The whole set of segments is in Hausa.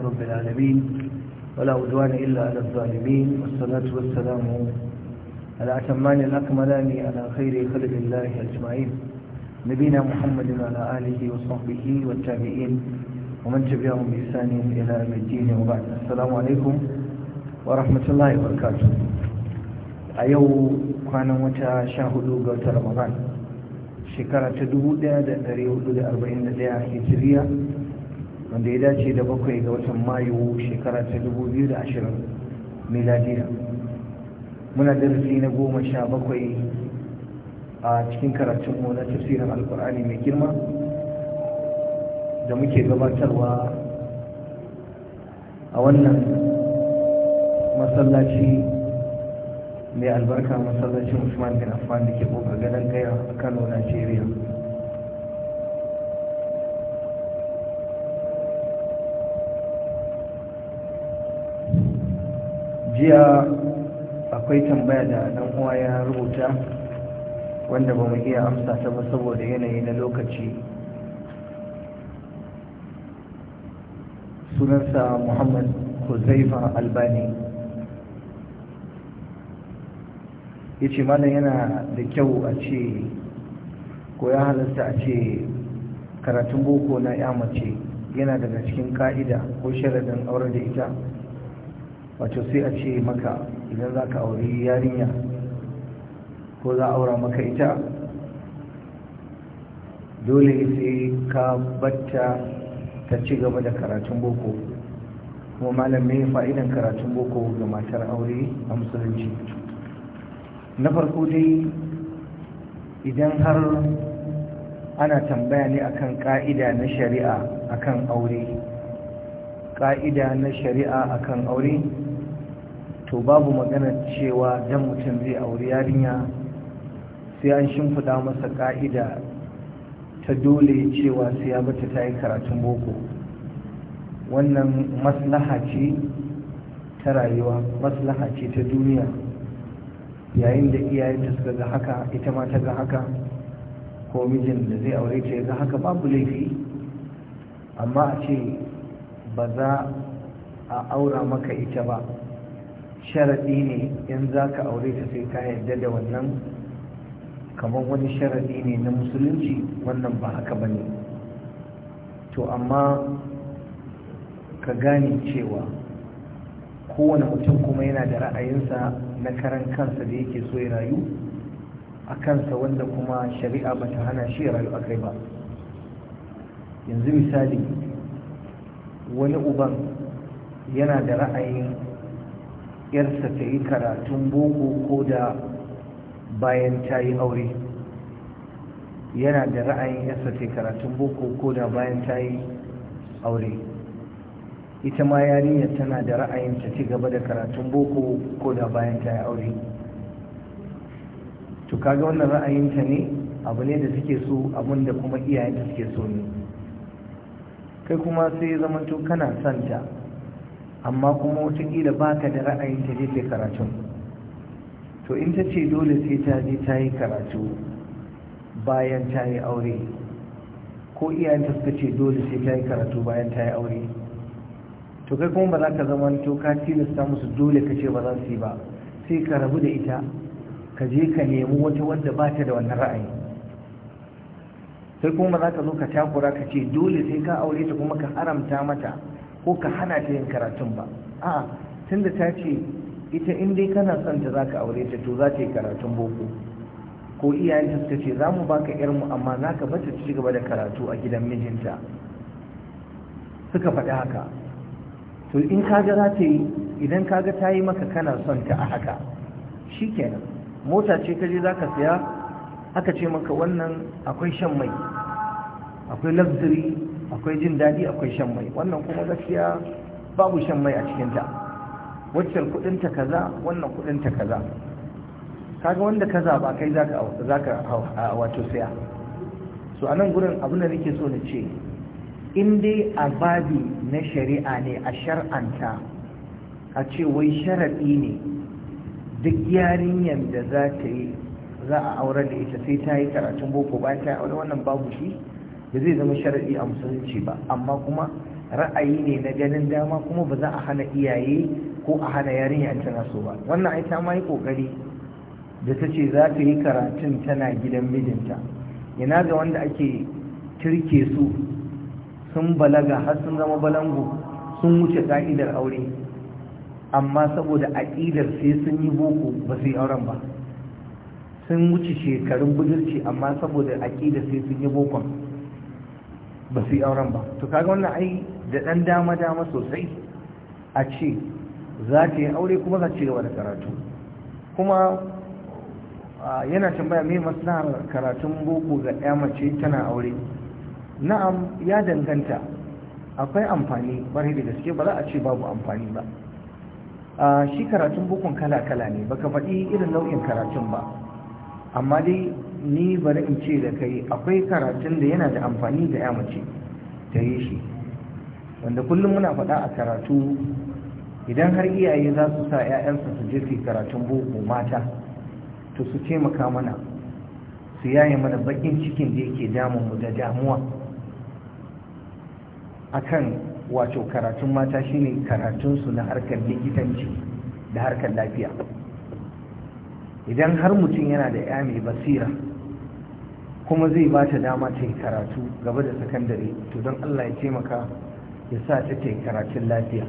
رب العالمين ولا عدوان إلا على الظالمين والصلاة والسلام على أتمان الأكملان على خير خلق الله أجمعين نبينا محمد وعلى آله وصحبه والتابعين ومن تبعهم بإحسان إلى يوم الدين وبعد السلام عليكم ورحمة الله وبركاته أيو كان متى شاهدوا قوة رمضان شكرة دبودة دريودة أربعين دقيقة هجرية wanda ya dace da bakwai ga watan mayu shekara ta 2020 miladiya muna darasi na goma sha bakwai a cikin karatunmu na tafsirin alkur'ani mai girma da muke gabatarwa a wannan masallaci mai albarka masallacin usman bin affan da ke kokar ganin kaya a kano nigeria. jiya akwai tambaya da dan uwa ya rubuta wanda ba mu iya amsa ta ba saboda yanayi na lokaci sunansa muhammad huzaifa albani ya ce malam yana da kyau a ce ko ya halarta a ce karatun boko na ya mace yana daga cikin ka'ida ko sharadin aure da ita wato sai a ce maka idan za ka auri yarinya ko za aura maka ita dole sai ka bata ta ci gaba da karatun boko kuma malam fa'idan karatun boko ga matar aure a musulunci na farko dai idan har ana tambaya ne akan ka'ida na shari'a akan aure ka'ida na shari'a akan aure to babu magana cewa dan mutum zai auri yarinya sai an shimfida masa ƙa'ida ta dole cewa sai ya bata ta yi karatun boko wannan maslaha ce ta rayuwa maslaha ce ta duniya yayin da iyayenta suka ga haka ita ma ta ga haka ko mijin da zai aure ta ya ga haka babu laifi amma a ce ba za a aura maka ita ba sharaɗi ne in za ka aure ta sai ka yarda da wannan kamar wani sharaɗi ne na musulunci wannan ba haka ba ne to amma ka gane cewa kowane mutum kuma yana da ra'ayinsa na karan kansa da yake so ya rayu a kansa wanda kuma shari'a ba ta hana shi ya rayu a kai ba yanzu misali wani uban yana da ra'ayin yarsa ta yi karatun boko ko da bayan ta yi aure yana da ra'ayin yarsa ta yi karatun boko ko da bayan ta yi aure ita ma yarinyar tana da ra'ayin ta ci gaba da karatun boko ko da bayan ta yi aure to kaga wannan ra'ayinta ne abu ne da suke so abin da kuma iyayenta suke so ne kai kuma sai zamanto kana santa amma kuma wataƙila ba ka da ra'ayin ta je karatu. karatun to in ta ce dole sai ta je ta yi karatu bayan ta yi aure ko iyayenta suka ce dole sai ta yi karatu bayan ta yi aure to kai kuma ba za ka zama to ka tilasta musu dole ka ce ba za su yi ba sai ka rabu da ita ka je ka nemi wata wanda ba ta da wannan ra'ayi sai kuma ba za ka zo ka takura ka ce dole sai ka aure ta kuma ka haramta mata ko ka hana ta yin karatun ba a'a tunda ta ce ita in dai kana son ta za ka aure ta to za ta yi karatun boko ko ta suka ce za mu baka yarmu amma za ka bata ci gaba da karatu a gidan mijinta suka faɗi haka to in kaga za ta yi idan kaga ta yi maka kana son ta a haka shi kenan mota ce ka je za ka siya aka ce maka wannan akwai shan mai akwai luxury akwai jin daɗi akwai shan mai wannan kuma gaskiya babu shan mai a cikinta waccan kudinta kaza wannan kudinta kaza kaga wanda kaza ba kai zaka zaka wato saya so anan gurin abin da nake so na ce in dai a babi na shari'a ne a shar'anta a ce wai sharaɗi ne duk yarinyar da za ta yi za a aure da ita sai ta yi karatun boko ba ta aure wannan babu shi ba zai zama sharaɗi a musulunci ba amma kuma ra'ayi ne na ganin dama kuma ba za a hana iyaye ko a hana yarinya in tana so ba wannan ai ta ma yi kokari da ta ce za ta yi karatun tana gidan mijinta Yana ga wanda ake turke su sun balaga har sun zama balango sun wuce ka'idar aure amma saboda aƙidar sai sun yi boko ba su yi auren ba sun wuce shekarun budurci amma saboda aƙidar sai sun yi bokon ba su yi auren ba to kaga wannan ai da ɗan dama dama sosai a ce za ta yi aure kuma za ta ci gaba da karatu kuma yana tambaya me maslahar karatun boko ga ya mace tana aure na'am ya danganta akwai amfani bari da gaske ba za a ce babu amfani ba shi karatun bukun kala-kala ne baka faɗi irin nau'in karatun ba amma dai ni bari in ce da kai akwai karatun da yana da amfani da ya mace ta yi shi wanda kullum muna faɗa a karatu idan har iyaye za su sa 'ya'yansa su je karatun boko mata to su taimaka mana su yaye mana baƙin cikin da yake damunmu da damuwa akan wato karatun mata shine karatunsu na harkar likitanci da harkar lafiya idan har mutum yana da ya mai basira kuma zai ba ta dama ta yi karatu gaba da sakandare to don allah ya taimaka ya sa ta ta yi karatun lafiya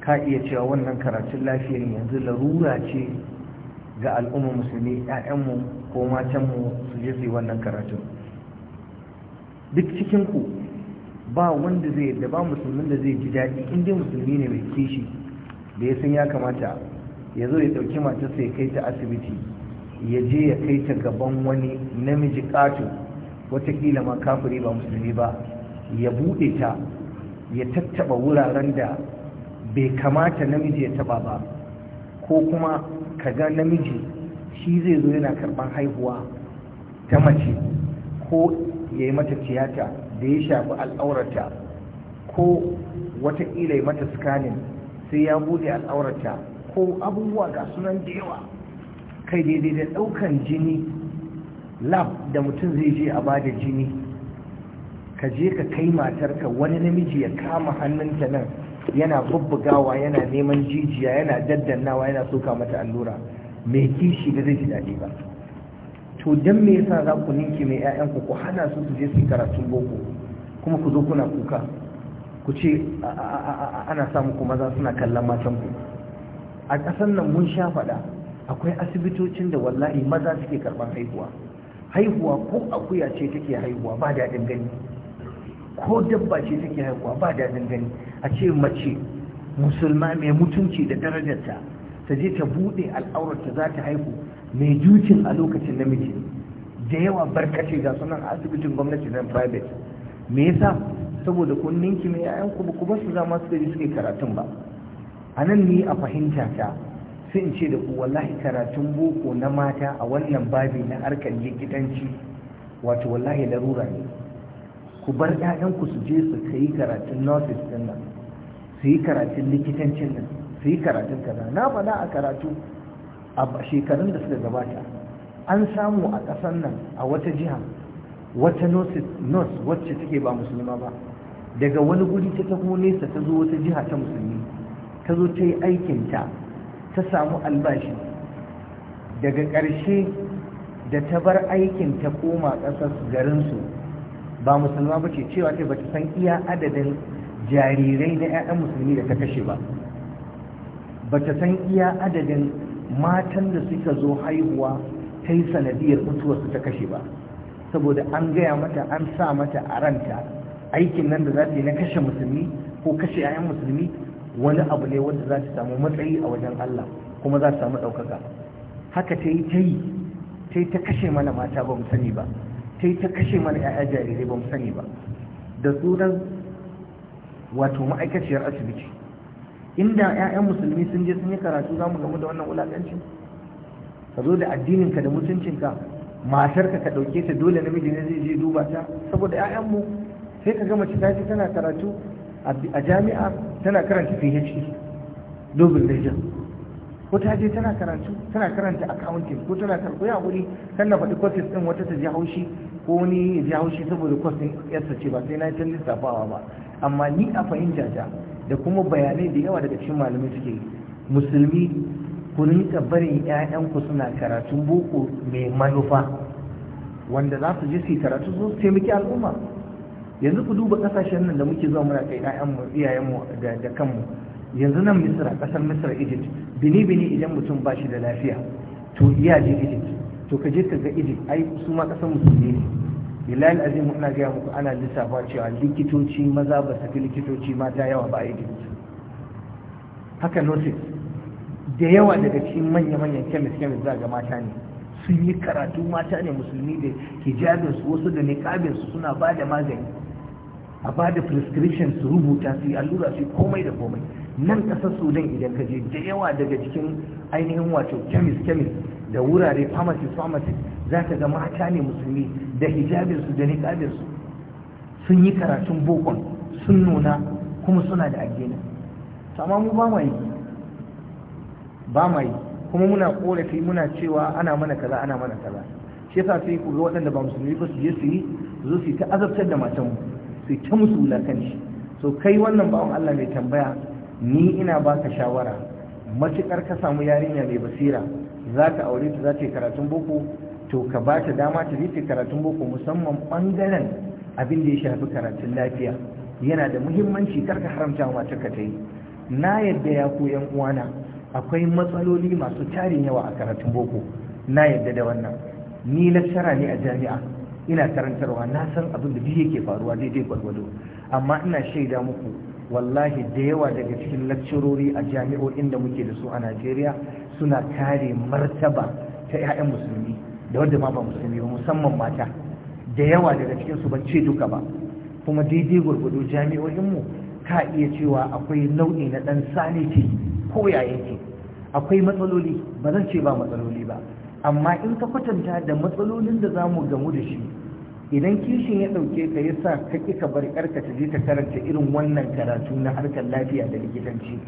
ka iya cewa wannan karatun lafiyar yanzu larura ce ga al'ummar musulmi 'ya'yanmu ko matanmu su je su yi wannan karatun duk cikinku ba wanda zai yadda ba musulmin da zai ji daɗi inda musulmi ne mai kishi da ya san ya kamata ya zo ya ɗauki matarsa ya kai ta asibiti ya je ya kai ta gaban wani namiji ƙato watakila ma kafiri ba musulmi ba ya buɗe ta ya tattaɓa wuraren da bai kamata namiji ya taɓa ba ko kuma ka ga namiji shi zai zo yana karban haihuwa ta mace ko ya yi mata tiyata da ya shafi al'aurata ko watakila ya mata scanning sai ya buɗe al'aurata ko abubuwa ga sunan da yawa kai daidai da ɗaukan jini lab da mutum zai je a bada jini ka je ka kai matarka wani namiji ya kama hannunta nan yana bubbugawa yana neman jijiya yana daddannawa yana soka mata allura mai kishi da zai ji daɗi ba to don me yasa za ku ninki mai 'ya'yanku ku hana su su je su karatun boko kuma ku zo kuna kuka ku ce ana samu kuma maza suna kallon matanku a ƙasar nan mun sha faɗa akwai asibitocin da wallahi maza suke karban haihuwa haihuwa ko akuya ce take haihuwa ba daɗin gani ko dabba ce take haihuwa ba daɗin gani a ce mace musulma mai mutunci da darajarta ta je ta buɗe al'aurarta za ta haihu mai jucin a lokacin namiji da yawa barkace ga sunan asibitin gwamnati na private me yasa saboda kun ninki mai yayan ku ba ku ba su zama su suke karatun ba a nan ni a fahimta ta sun ce da ku wallahi karatun boko na mata a wannan babi na harkar likitanci wato wallahi larura ne ku bar ku su je su kai karatun nurses din nan su yi karatun likitancin nan su yi karatun kaza na faɗa a karatu a shekarun da suka gabata an samu a ƙasar nan a wata jiha wata nurse wacce take ba musulma ba daga wani guri ta taho nesa ta zo wata jiha ta musulmi ta zo ta yi aikinta ta samu albashi daga ƙarshe da ta bar aikin ta koma ƙasar garinsu ba musulma ba ce cewa ta bata san iya adadin jarirai na 'ya'yan musulmi da ta kashe ba bata san iya adadin matan da suka zo haihuwa ta yi sanadiyar mutuwarsu ta kashe ba saboda an gaya mata an sa mata a ranta aikin nan da za ta yi na kashe musulmi ko kashe 'ya'yan musulmi wani abu ne wanda za ta samu matsayi a wajen Allah kuma za ta samu ɗaukaka haka ta yi ta yi ta yi ta kashe mana mata ba mu sani ba ta yi ta kashe mana 'ya'ya jarirai ba mu sani ba da sunan wato ma'aikaciyar asibiti inda 'ya'yan musulmi sun je sun yi karatu za mu gamu da wannan wulaƙanci ka zo da addininka da mutuncinka matarka ka ɗauke ta dole namiji ne zai je duba ta saboda 'ya'yanmu sai ka gama mace ta tana karatu a jami'a tana karanta phd dubin region ko ta je tana karatu tana karanta accounting ko tana karko ya wuri kana faɗi courses ɗin wata ta ji haushi ko wani ya ji haushi saboda course ɗin yarsa ce ba sai na ta lissafawa ba amma ni a fahimta ta da kuma bayanai da yawa daga cikin malamai suke musulmi ku rinka barin 'ya'yanku suna karatun boko mai manufa wanda za su je su yi karatu su taimaki al'umma yanzu ku duba kasashen nan da muke zuwa muna kai ɗayanmu iyayenmu da kanmu yanzu nan misra kasar misir egypt bini bini idan mutum ba shi da lafiya to iya je egypt to ka je ka ga egypt ai su ma ƙasar musulmi ne lillahi alazim gaya muku ana lissafa cewa likitoci maza ba su fi likitoci mata yawa ba a egypt haka nosis da yawa daga cikin manya-manyan kemis kemis za ga mata ne sun yi karatu mata ne musulmi da hijabinsu wasu da niƙabinsu suna ba da magani a ba da prescription su rubuta su yi allura su komai da komai nan kasar sudan idan ka je da yawa daga cikin ainihin wato kemis-kemis da wurare pharmacist pharmacist za ka ga mata ne musulmi da hijabinsu da niƙabinsu sun yi karatun bokon sun nuna kuma suna da ajiyar amma mu ba ma yi ba ma yi kuma muna korafi muna cewa ana mana kaza ana mana kaza shi yasa sai ku ga waɗanda ba musulmi ba su je su yi zo su ta azabtar da matanmu su ta musu shi so kai wannan bawan Allah mai tambaya ni ina baka shawara matukar ka samu yarinya mai basira za ka aure ta za ta yi karatun boko to ka ba ta dama ta je karatun boko musamman bangaren abin da ya shafi karatun lafiya yana da muhimmanci karka haramta wa ka ta yi na yadda ya koyan uwana akwai matsaloli masu tarin yawa a karatun boko na yadda da wannan ni lassara ne a jami'a ina karantarwa na san abin da yake faruwa daidai gwargwado amma ina shaida muku wallahi da yawa daga cikin lakcirori a jami'o'in da muke da su a najeriya suna kare martaba ta 'ya'yan musulmi da wadda ma ba musulmi ba musamman mata da yawa daga cikin su ban ce duka ba kuma daidai gwargwado jami'o'inmu ka iya cewa akwai nau'i na dan saniti ko ki? akwai matsaloli ba zan ce ba matsaloli ba amma in ka kwatanta da matsalolin da za mu gamu da shi idan kishin ya ɗauke ka ya sa ka ƙi ka bar ƙarka ta je ta karanta irin wannan karatu na harkar lafiya da likitanci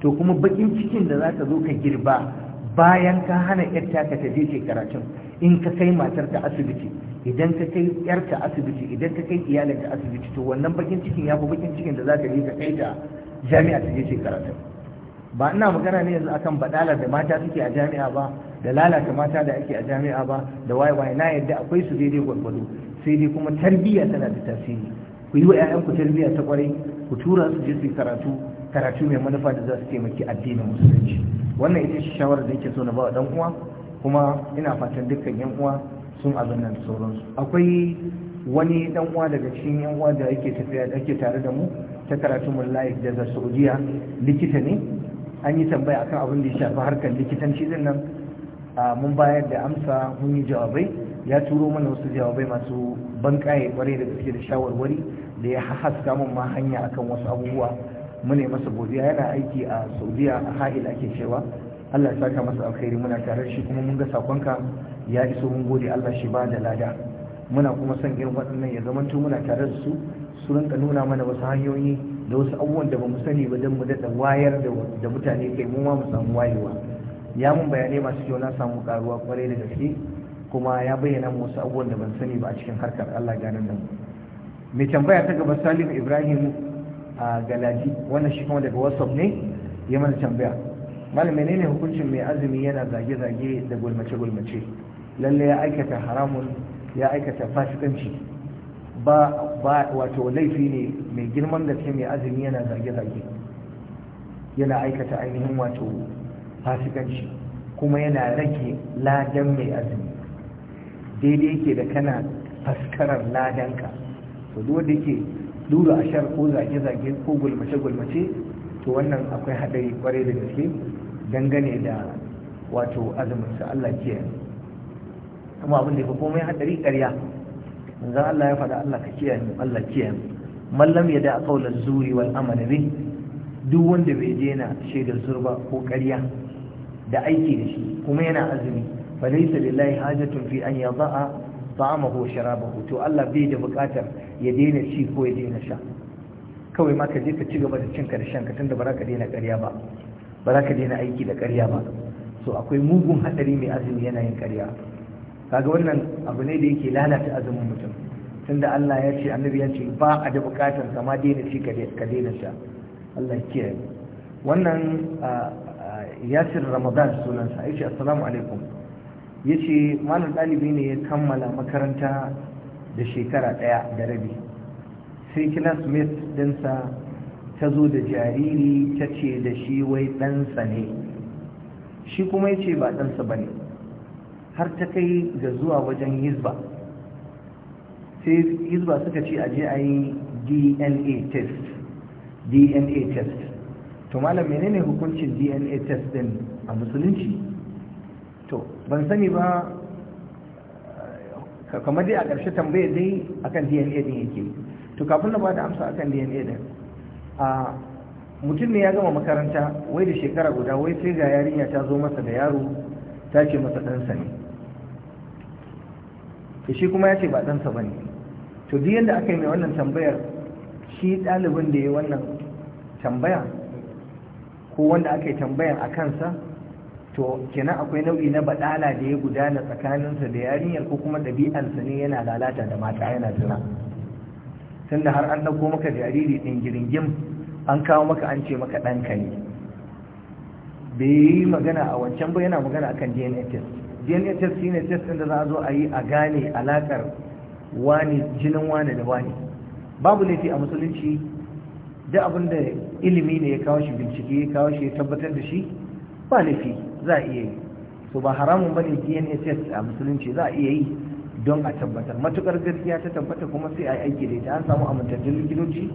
to kuma baƙin cikin da za ka zo ka girba bayan ka hana yarta ka ta je karatun in ka kai matar ta asibiti idan ka kai yarta asibiti idan ka kai iyalin ta asibiti to wannan baƙin cikin ya fi baƙin cikin da za ka je ka kai ta jami'a ta je karatun ba ina magana ne yanzu akan baɗalar da mata suke a jami'a ba da lalata mata da ake a jami'a ba da waye waye na yadda akwai su daidai gwargwado sai dai kuma tarbiyya tana da tasiri ku yi wa 'ya'yanku tarbiyya ta kwarai ku tura su je su karatu karatu mai manufa da za su taimaki addinin musulunci wannan ita ce shawarar da yake so na ba dan uwa kuma ina fatan dukkan yan uwa sun abin nan sauransu akwai wani dan uwa daga cikin yan uwa da ake tafiya da yake tare da mu ta karatu mun layi daga Saudiya likita ne an yi tambaya akan abin da ya shafi harkar likitanci din nan mun bayar da amsa mun yi jawabai ya turo mana wasu jawabai masu ban kaye kwarai da gaske da shawarwari da ya haska mun ma hanya akan wasu abubuwa mune masa godiya yana aiki a saudiya a ha'il ake cewa allah ya saka masa alkhairi muna tare shi kuma mun ga sakonka ya iso mun gode allah shi ba da lada muna kuma son irin waɗannan ya zamanto muna tare da su su rinka nuna mana wasu hanyoyi da wasu abubuwan da ba mu sani ba don mu daɗa wayar da mutane kai mu ma mu samu wayewa ya mun bayanai masu kyau na samu karuwa kwarai da gaske kuma ya bayyana musu abubuwan da ban sani ba a cikin harkar Allah nan da mu mai tambaya ta gaba Salim Ibrahim a Galaji wannan shi kuma daga WhatsApp ne ya mana tambaya malam menene hukuncin mai azumi yana zage-zage da gulmace-gulmace lalle ya aikata haramun ya aikata fasikanci ba ba wato laifi ne mai girman gaske mai azumi yana zage-zage yana aikata ainihin wato fasikanci kuma yana rage ladan mai azumi daidai yake da kana faskarar ladanka to duk da yake dura shar ko zage-zage ko gulmace-gulmace to wannan akwai haɗari kwarai da gaske dangane da wato azuminsa Allah ke kuma abin da ya fi komai haɗari ƙarya zan Allah ya faɗa Allah ka kiyaye mu Allah kiyaye mu mallam ya da kaular zuri wal amal duk wanda bai daina shaidar zurba ko ƙarya da aiki da shi kuma yana azumi falaisa lillahi hajatun fi an yada'a ta'amahu wa sharabahu to Allah bai da bukatar ya daina ci ko ya daina sha kawai ma ka je ka ci gaba da cin karshen ka tunda ba ka daina ƙarya ba ba ka daina aiki da ƙarya ba so akwai mugun hadari mai azumi yana yin ƙarya kaga wannan abu ne da yake lalata azumin mutum tunda Allah ya ce annabi ya ce ba a da bukatar kama daina ci ka daina sha Allah ya kiyaye wannan ah, yasir ramadan sunansa ya ce assalamu alaikum ya ce malam ɗalibi ne ya kammala makaranta da shekara ɗaya da rabi sai classmate dinsa ta zo da jariri ta ce da shi wai ɗansa ne shi kuma ya ce ba ɗansa ba ne har ta kai ga zuwa wajen hizba sai hizba suka ce a je a yi dna test dna test to malam menene hukuncin dna test din a musulunci to ban sani ba kamar dai a ƙarshe tambayar dai akan dna din yake to kafin na ba da amsa akan dna din a mutum ne ya gama makaranta wai da shekara guda wai sai ga yarinya ta zo masa da yaro ta ce masa ɗansa ne to shi kuma ya ce ba ɗansa ba ne to duk yadda aka yi mai wannan tambayar shi ɗalibin da ya wannan tambaya ko wanda aka yi tambayan a kansa to kenan akwai nau'i na baɗala da ya gudana tsakaninsa da yarinyar ko kuma ɗabi'ansa ne yana lalata da mata yana zina tunda har an ɗauko maka jariri ɗin giringim an kawo maka an ce maka ɗanka ne bai yi magana a wancan ba yana magana akan dna test dna test shine test ɗin da za a zo a yi a gane alaƙar wani jinin wani da wani babu laifi a musulunci da abin da ilimi ne ya kawo shi bincike ya kawo shi ya tabbatar da shi ba laifi za a iya yi to ba haramun bane dna test a musulunci za a iya yi don a tabbatar matukar gaskiya ta tabbata kuma sai a aiki da ita an samu amintattun likitoci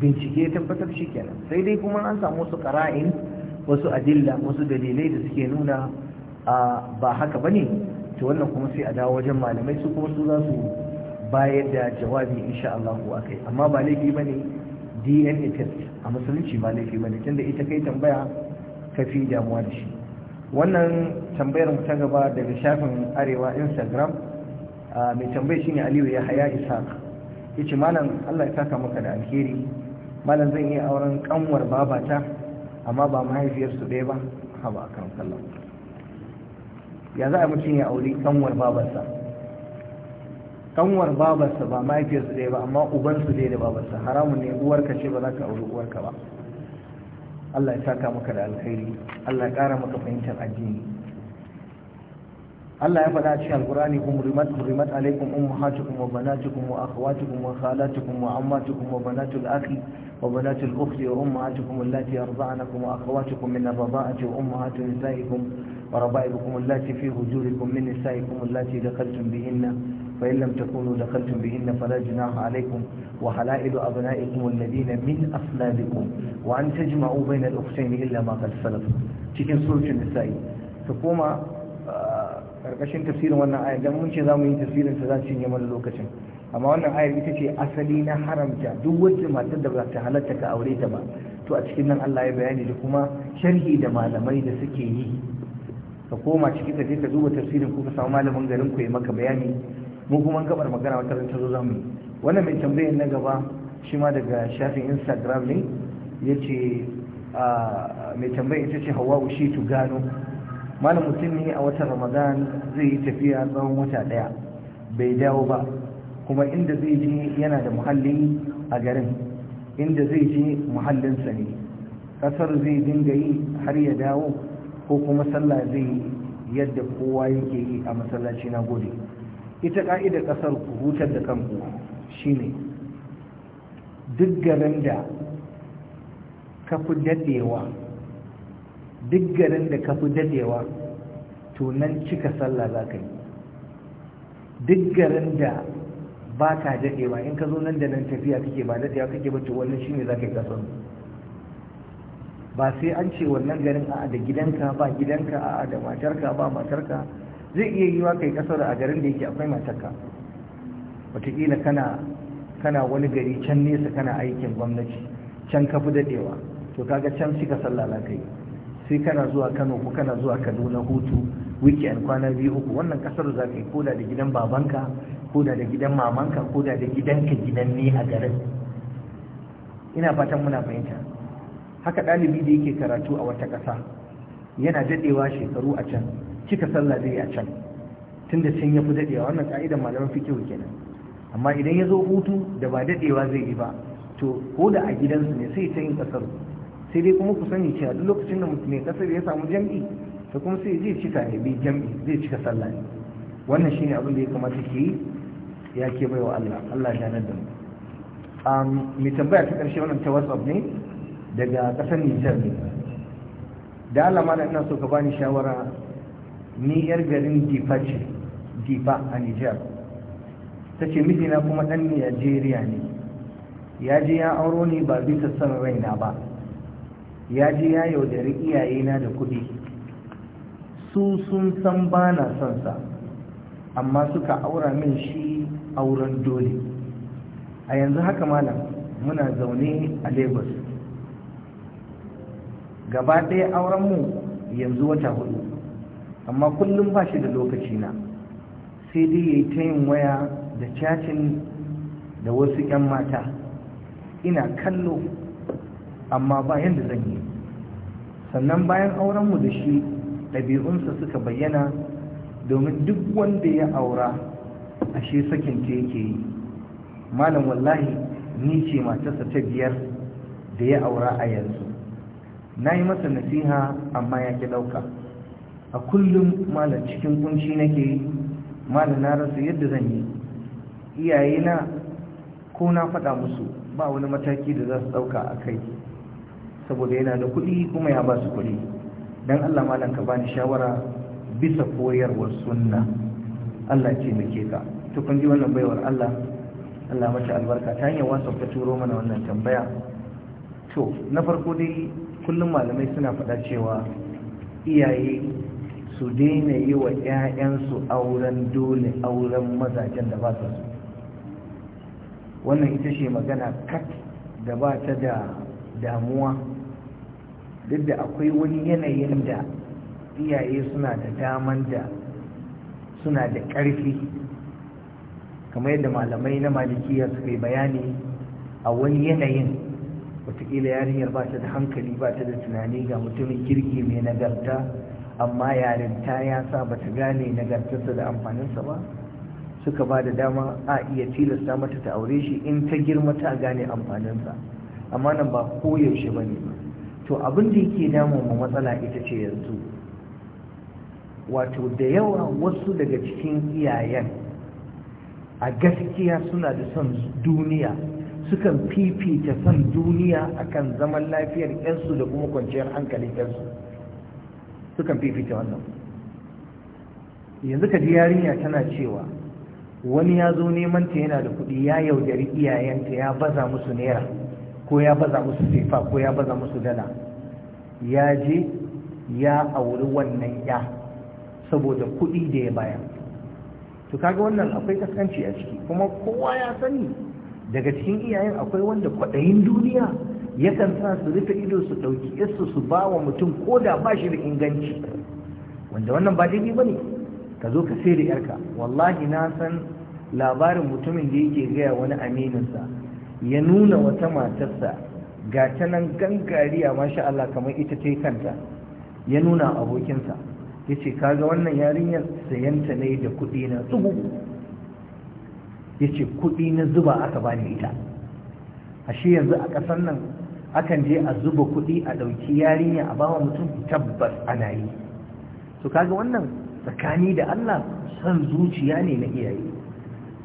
bincike ya tabbatar shi kenan sai dai kuma an samu wasu kara'in wasu adilla wasu dalilai da suke nuna ba haka bane to wannan kuma sai a dawo wajen malamai su kuma su za su bayar da jawabi insha Allah akai amma ba laifi bane DNA test a musulunci ba laifi bane tunda ita kai tambaya ka fi damuwa da shi wannan tambayar mu ta gaba daga shafin arewa instagram mai tambayar shine aliyu ya haya ya ce malam Allah ya saka maka da alheri malam zan iya auren kanwar babata amma ba mahaifiyarsu ɗaya ba haba akan sallah ya za a mutum ya aure kanwar babarsa kanwar babarsa ba mahaifiyarsu ɗaya ba amma ubansu ɗaya da babarsa haramun ne uwarka ce ba za ka auri uwarka ba Allah ya saka maka da alkhairi Allah ya ƙara maka fahimtar addini Allah ya faɗa cikin Alƙur'ani kuma rimat rimat alaikum ummahatukum wa banatukum wa akhawatukum wa khalatukum wa ammatukum wa banatul akhi wa banatul ukhti wa ummahatukum allati arda'anakum wa akhawatukum min ar-rida'ati wa ummahatu nisaikum وربائبكم التي في هجوركم من نسائكم التي دخلتم بهن فإن لم تكونوا دخلتم بهن فلا جناح عليكم وحلائل أبنائكم الذين من أصلابكم وأن تجمعوا بين الأختين إلا ما قد سلف cikin surcin nisa'i ta koma ƙarƙashin tafsirin wannan ayar don mun ce za mu yi tafsirin ta za cinye mana lokacin amma wannan ayar ita ce asali na haramta duk wacce matar da ba ta halatta ka aure ta ba to a cikin nan Allah ya bayani da kuma sharhi da malamai da suke yi ka koma ciki ka je ka duba tafsirin ko ka samu malamin garin ku ya maka bayani mu kuma gabar magana wata zo zamu wannan mai tambayar na gaba shi ma daga shafin instagram ne yace ah, mai tambayar ita ce hawa ushi tu gano malam mutum ne a watan ramadan zai yi tafiya tsawon wata daya bai dawo ba kuma inda zai je yana da muhalli a garin inda zai je muhallinsa ne kasar zai dinga yi har ya dawo ko kuma sallah zai yadda kowa yake yi a masallaci na gode ita ka'idar ƙasar ku hutar da kanku shine duk garin da ka fi dadewa duk garin da ka fi dadewa to nan cika sallah za ka yi duk garin da ba ka dadewa in ka zo nan da nan tafiya kake ba dadewa kake ba to wannan shine za ka yi kasar ba sai an ce wannan garin a'a da gidanka ba gidanka a'a da matarka ba matarka zai iya yiwa kai kasar a garin da yake akwai matakka. wataƙila kana wani gari can nesa kana aikin gwamnati can ka fi daɗewa to kaga can shi ka sallala kai sai kana zuwa kano ko kana zuwa kaduna hutu weekend kwana biyu uku wannan kasar za ka yi koda da gidan babanka koda da gidan mamanka koda da gidanka gidan ne a garin ina fatan muna fahimta haka ɗalibi da yake karatu a wata ƙasa yana daɗewa shekaru a can Kika sallah zai a can tunda can ya fi dadewa wannan ka'idan malaman fikihu kenan amma idan ya zo hutu da ba dadewa zai yi ba to ko da a gidansu ne sai ta yin kasar sai dai kuma ku sani cewa duk lokacin da mutum mai kasar ya samu jam'i to kuma sai zai cika ne bi jam'i zai cika sallah ne wannan shine abin da ya kamata ke yi ya ke baiwa Allah Allah ya nan da mu um mi tambaya ta karshe wannan ta WhatsApp ne daga kasar Nijar ne da Allah ina so ka bani shawara ni yar garin difa ce difa a nijar ta ce mijina kuma ɗan najeriya ne ya ji ya auro ni ba bisa son raina ba ya ji ya yaudari iyayena da kuɗi su sun san ba na son sa amma suka aura min shi auren dole a yanzu haka malam muna zaune a lagos gaba ɗaya aurenmu yanzu wata hudu amma kullum ba shi da lokaci na sai dai ya yi ta yin waya da cacin da wasu 'yan mata ina kallo amma ba yadda zan yi sannan bayan aurenmu da shi ɗabi'unsa suka bayyana domin duk wanda ya aura ashe sakinta yake yi malam wallahi ni ce matarsa ta biyar da ya aura a yanzu na yi masa nasiha amma ya ki ɗauka a kullum malam cikin kunci nake malam na rasa yadda zan yi iyayena ko na faɗa musu ba wani mataki da za su ɗauka a kai saboda yana da kuɗi kuma ya ba su kuɗi don allah malam ka bani shawara bisa koyarwar sunna allah ce muke ka to kun ji wannan baiwar allah allah mace albarka ta hanyar wasu ta turo mana wannan tambaya to na farko dai kullum malamai suna faɗa cewa iyaye su daina yi wa 'ya'yansu auren dole auren mazajen da ba su su wannan ita ce magana kat da ba ta da damuwa duk da akwai wani yanayin da iyaye suna da daman da suna da ƙarfi kamar yadda malamai na malikiya suka yi bayani a wani yanayin wataƙila yarinyar ba ta da hankali ba ta da tunani ga mutumin kirki mai nagarta amma ta ya sa ba ta gane nagartarsa da amfaninsa ba suka ba da dama a iya tilasta mata ta aure shi in ta girma ta gane amfaninsa amma nan ba koyaushe ba ne to abin da yake damun ma matsala ita ce yanzu wato da yawa wasu daga cikin iyayen a gaskiya suna da son duniya sukan fifita son duniya akan zaman lafiyar 'yansu da kuma kwanciyar hankalin 'yansu sukan fifita wannan yanzu ka ji yarinya tana cewa wani ya zo neman ta yana da kuɗi ya yaudari iyayenta ya baza musu naira ko ya baza musu sefa ko ya baza musu dala ya je ya auri wannan ya saboda kuɗi da ya baya. to kaga wannan akwai kaskanci a ciki kuma kowa ya sani daga cikin iyayen akwai wanda kwaɗayin duniya yakan sa su rufe ido su ɗauki isu su ba wa mutum ko da ba shi da inganci wanda wannan ba daidai ba ne ka zo ka sai da yarka wallahi na san labarin mutumin da yake gaya wani amininsa ya nuna wata matarsa ga ta nan gangariya masha Allah kamar ita ta kanta ya nuna abokinsa ya ce kaga wannan yarinyar sayanta ne da kuɗi na tsubu ya ce kuɗi na zuba aka bani ita ashe yanzu a ƙasar nan akan je a zuba kuɗi a ɗauki yarinya a bawa mutum tabbas ana yi to kaga wannan tsakani da Allah san zuciya ne na iyaye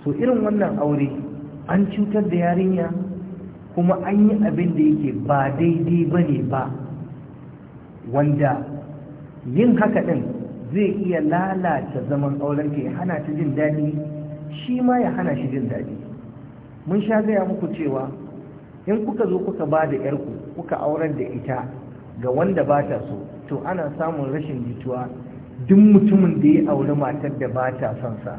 so irin wannan aure an cutar da yarinya kuma an yi abin da yake ba daidai ba ne ba wanda yin haka ɗin zai iya lalata zaman auren ya hana ta jin daɗi shi ma ya hana shi jin daɗi mun sha gaya muku cewa in kuka zo kuka ba da yarku kuka aurar da ita ga wanda ba ta so to ana samun rashin jituwa duk mutumin da ya auri matar da ba ta son sa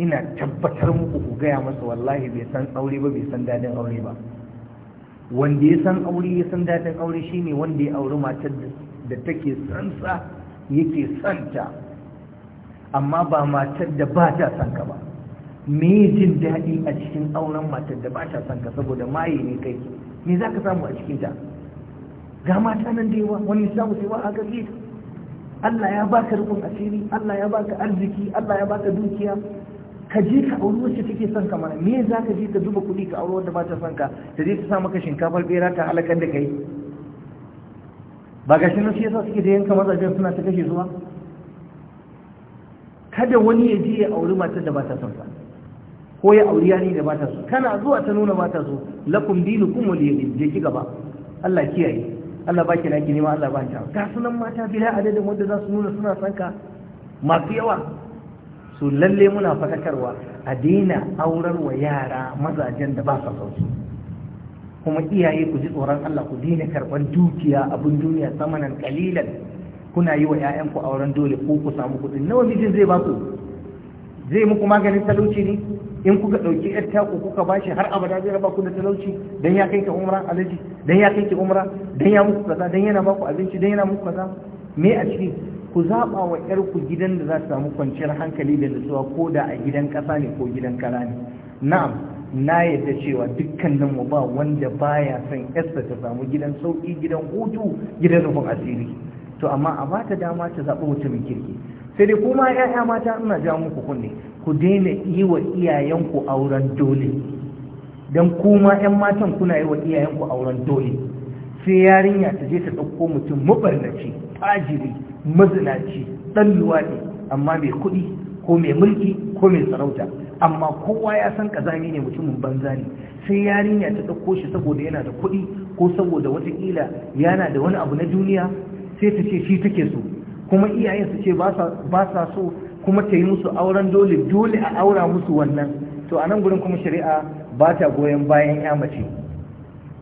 ina tabbatar muku ku gaya masa wallahi bai san aure ba bai san dadin aure ba wanda ya san aure ya san dadin aure shine wanda ya auri matar da take son sa yake santa amma ba matar da ba ta son ka ba me jin daɗi a cikin auren matar da ba ta son ka saboda maye ne kai me za ka samu a cikin ta ga mata nan da yawa wani samu sai wa a gaske Allah ya baka rukun asiri Allah ya baka arziki Allah ya baka dukiya ka je ka auri wacce take son ka mana me za ka je ka duba kuɗi ka auri wanda ba ta son ka ta je ta sa maka shinkafar bera ta halakar da kai ba ga shi nan shi suke da yanka mazajen suna ta kashe zuwa kada wani ya je ya auri matar da ba ta son ka ko ya auri yari da bata so tana zuwa ta nuna bata so lakum dinukum waliyadin je ki gaba Allah kiyaye Allah baki naki ma Allah ba ta ga sunan mata bila adadin wanda za su nuna suna son ka masu yawa su lalle muna fakatarwa a daina aurar wa yara mazajen da ba sa son su kuma iyaye ku ji tsoron Allah ku daina karban dukiya abin duniya samanan kalilan kuna yi wa 'ya'yanku auren dole ko ku samu kuɗi nawa mijin zai ba ku zai muku maganin talauci ne in kuka ɗauki yar taku kuka bashi har abada zai raba ku da talauci dan ya kai ka umra alaji dan ya kai ki umra dan ya muku kaza dan yana baku abinci dan yana muku kaza me a ciki ku zaɓa wa yar ku gidan da za ta samu kwanciyar hankali da nutsuwa ko da a gidan ƙasa ne ko gidan kara ne na'am na yadda cewa dukkanin mu ba wanda baya son yarsa ta samu gidan sauki gidan hutu gidan rufin asiri to amma a bata dama ta zaɓi mutumin kirki sai dai kuma ya'ya mata ina ja muku kunne ku daina yi wa iyayenku auren dole don kuma 'yan matan kuna yi wa iyayenku auren dole sai yarinya ta je ta ɗauko mutum mabarnaci tajiri mazinaci ɗan luwaɗi amma mai kuɗi ko mai mulki ko mai sarauta amma kowa ya san kazami ne mutumin banza ne sai yarinya ta ɗauko shi saboda yana da kuɗi ko saboda watakila yana da wani abu na duniya sai ta ce shi take so kuma iyayen su ce ba sa so kuma ta yi musu auren dole dole a aura musu wannan to a nan gurin kuma shari'a ba ta goyon bayan ya mace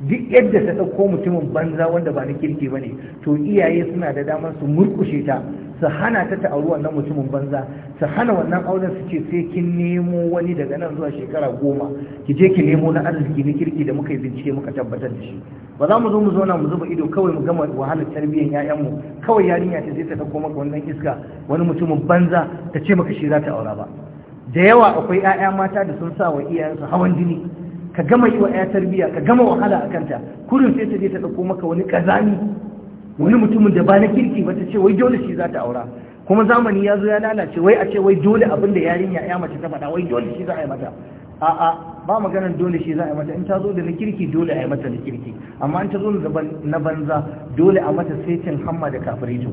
duk yadda ta ɗauko mutumin banza wanda ba na kirki ba ne to iyaye suna da damar su murkushe ta su hana ta ta auri wannan mutumin banza su hana wannan auren su ce sai kin nemo wani daga nan zuwa shekara goma ki je ki nemo na arziki na kirki da muka yi bincike muka tabbatar da shi ba za mu zo mu zauna mu zuba ido kawai mu gama wahalar tarbiyyar ƴaƴanmu kawai yarinya ta je ta ɗauko maka wannan iska wani mutumin banza ta ce maka shi za ta aura ba da yawa akwai 'ya'ya mata da sun sa wa iyayensu hawan jini ka gama yi wa ya tarbiya ka gama wahala a kanta kurin sai ta je ta ɗauko maka wani ƙazami wani mutumin da ba na kirki ba ta ce wai dole shi za ta aura kuma zamani ya zo ya lalace wai a ce wai dole abin da yarinya ya mace ta faɗa wai dole shi za a yi mata a'a ba maganar dole shi za a yi mata in ta zo da na kirki dole a yi mata na kirki amma in ta zo na banza dole a mata saitin hamma da kafirito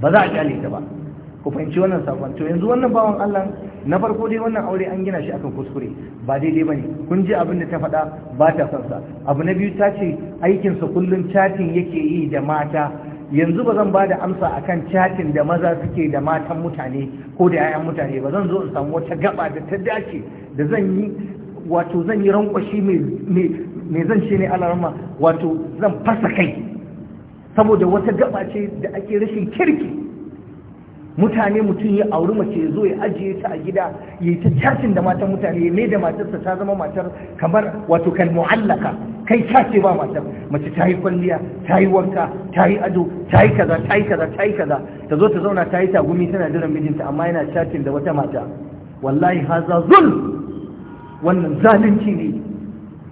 ba za a kyale ta ba ku fahimci wannan sakon to yanzu wannan bawan Allah na farko dai wannan aure an gina shi akan kuskure ba daidai bane kun ji abin da ta faɗa ba ta san sa abu na biyu ta ce aikin sa kullun chatting yake yi da mata yanzu ba zan ba da amsa akan chatting da maza suke da matan mutane ko da yayan mutane ba zan zo in samu wata gaba da ta dace da zan yi wato zan yi rankwashi mai zan ce ne alarma wato zan fasa kai saboda wata gaba ce da ake rashin kirki mutane mutum ya auri mace ya zo ya ajiye ta a gida ya ta cacin da matan mutane ya mai da matarsa ta zama matar kamar wato kan mu'allaka kai cace ba matar mace ta yi kwalliya ta yi wanka ta yi ado ta yi kaza ta yi kaza ta yi kaza ta zo ta zauna ta yi tagumi tana jiran mijinta amma yana cacin da wata mata wallahi haza zul wannan zalunci ne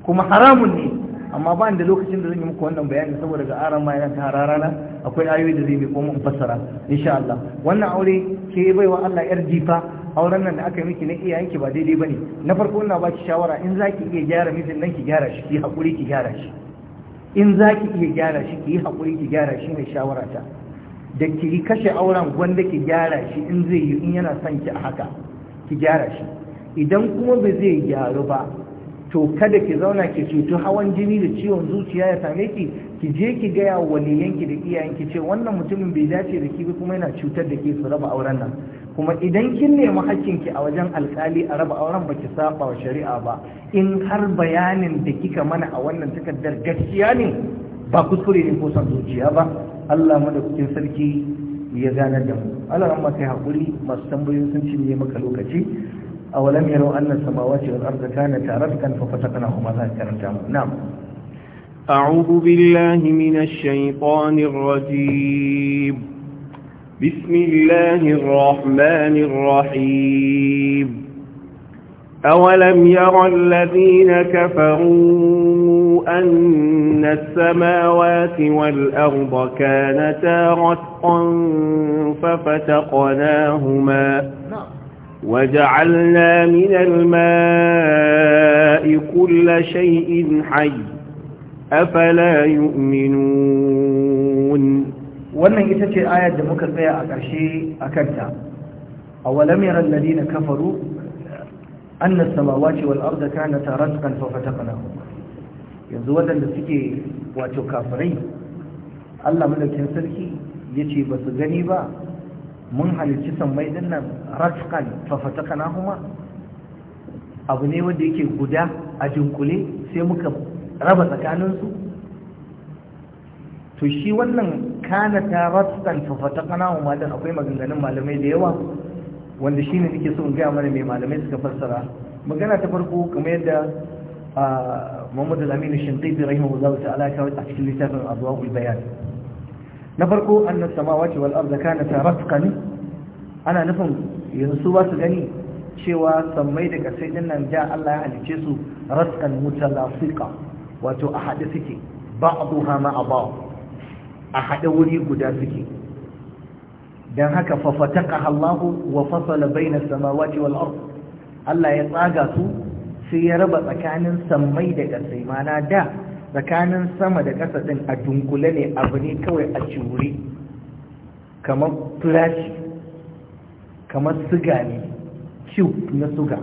kuma haramun ne amma ba da lokacin da zan yi muku wannan bayani saboda ga aran ma yana tara rana akwai ayoyi da zai bi kuma in fassara insha Allah wannan aure ke baiwa Allah yar jifa auren nan da aka yi miki na iyayenki ba daidai bane na farko ina ba ki shawara in zaki iya gyara mijin nan ki gyara shi ki hakuri ki gyara shi in zaki iya gyara shi ki hakuri ki gyara shi mai shawara ta da ki kashe auren wanda ki gyara shi in zai yi in yana son ki a haka ki gyara shi idan kuma ba zai gyaru ba to kada ki zauna ki cutu hawan jini da ciwon zuciya ya same ki ki je ki gaya wa waliyanki da iyayenki ce wannan mutumin bai dace da ki ba kuma yana cutar da ke su raba auren nan kuma idan kin nemi hakkinki a wajen alkali a raba auren baki saba wa shari'a ba in har bayanin da kika mana a wannan takardar gaskiya ne ba kuskure ne ko san zuciya ba Allah madaukakin sarki ya ganar da mu Allah ran kai hakuri masu tambayoyi sun ne maka lokaci أولم يروا أن السماوات والأرض كانت رفقا ففتقناهما ذاكرا نعم أعوذ بالله من الشيطان الرجيم بسم الله الرحمن الرحيم أولم يرى الذين كفروا أن السماوات والأرض كانتا رتقا ففتقناهما نعم وجعلنا من الماء كل شيء حي أفلا يؤمنون wannan ita ce ayar da muka tsaya a ƙarshe a kanta a walamiran ladina kafaru annas samawati wal arda kanata rasqan fa fataqnahu yanzu waɗanda suke wato kafirai Allah madaukakin sarki yace ba su gani ba mun halicci sammai din nan rafqan fa fataknahuma abu ne wanda yake guda a jinkule sai muka raba tsakaninsu to shi wannan kana ta fafataka fa fataknahuma akwai maganganun malamai da yawa wanda shine nake so in ga mana mai malamai suka fassara magana ta farko kamar yadda محمد الأمين الشنقيطي رحمه الله تعالى كانت a cikin littafin أضواء البيان na farko annan annas samawati wal arda kanata ratqan ana nufin yanzu su ba su gani cewa sammai da kasai din nan da Allah ya halice su ratqan mutalafiqa wato a haɗe suke ba'dha ma'a ba'd a haɗe wuri guda suke dan haka fa fataqaha Allah wa fasala bayna samawati wal ard Allah ya tsaga su sai ya raba tsakanin sammai da kasai mana da tsakanin sama da ƙasa ɗin a dunkule ne abu ne kawai a cure kamar flash kamar suga ne cube na suga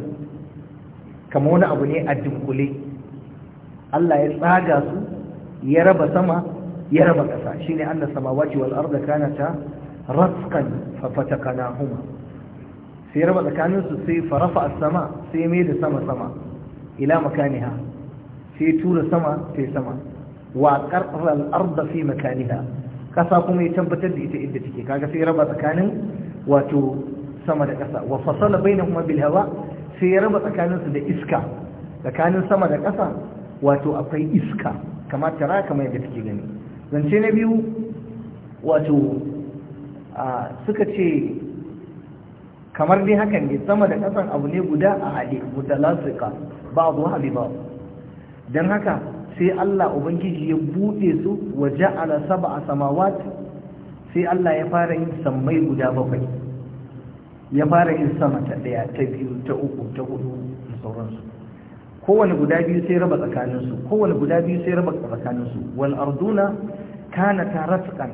kamar wani abu ne a dunkule Allah ya tsaga su ya raba sama ya raba ƙasa Shi shine Allah samawati wal arda raskan fafata kana huma sai raba tsakaninsu sai farafa a sama sai mai da sama sama ila makaniha sai tura sama sai sama wa qarra al-ardh fi makaniha kasa kuma ya tabbatar da ita inda take kaga sai raba tsakanin wato sama da kasa wa fasala kuma bil hawa sai ya raba tsakanin su da iska tsakanin sama da ƙasa wato akwai iska kamar tara kamar yadda take gani zance na biyu wato suka ce kamar dai hakan ne sama da kasan abu ne guda a hali mutalasika ba abu hali ba don haka sai Allah ubangiji ya buɗe su wa ja'ala sab'a samawat sai Allah ya fara yin sammai guda bakwai ya fara yin sama ta ɗaya ta biyu ta uku ta hudu da sauransu kowane guda biyu sai raba tsakaninsu kowane guda biyu sai raba tsakaninsu wal arduna kana taratqan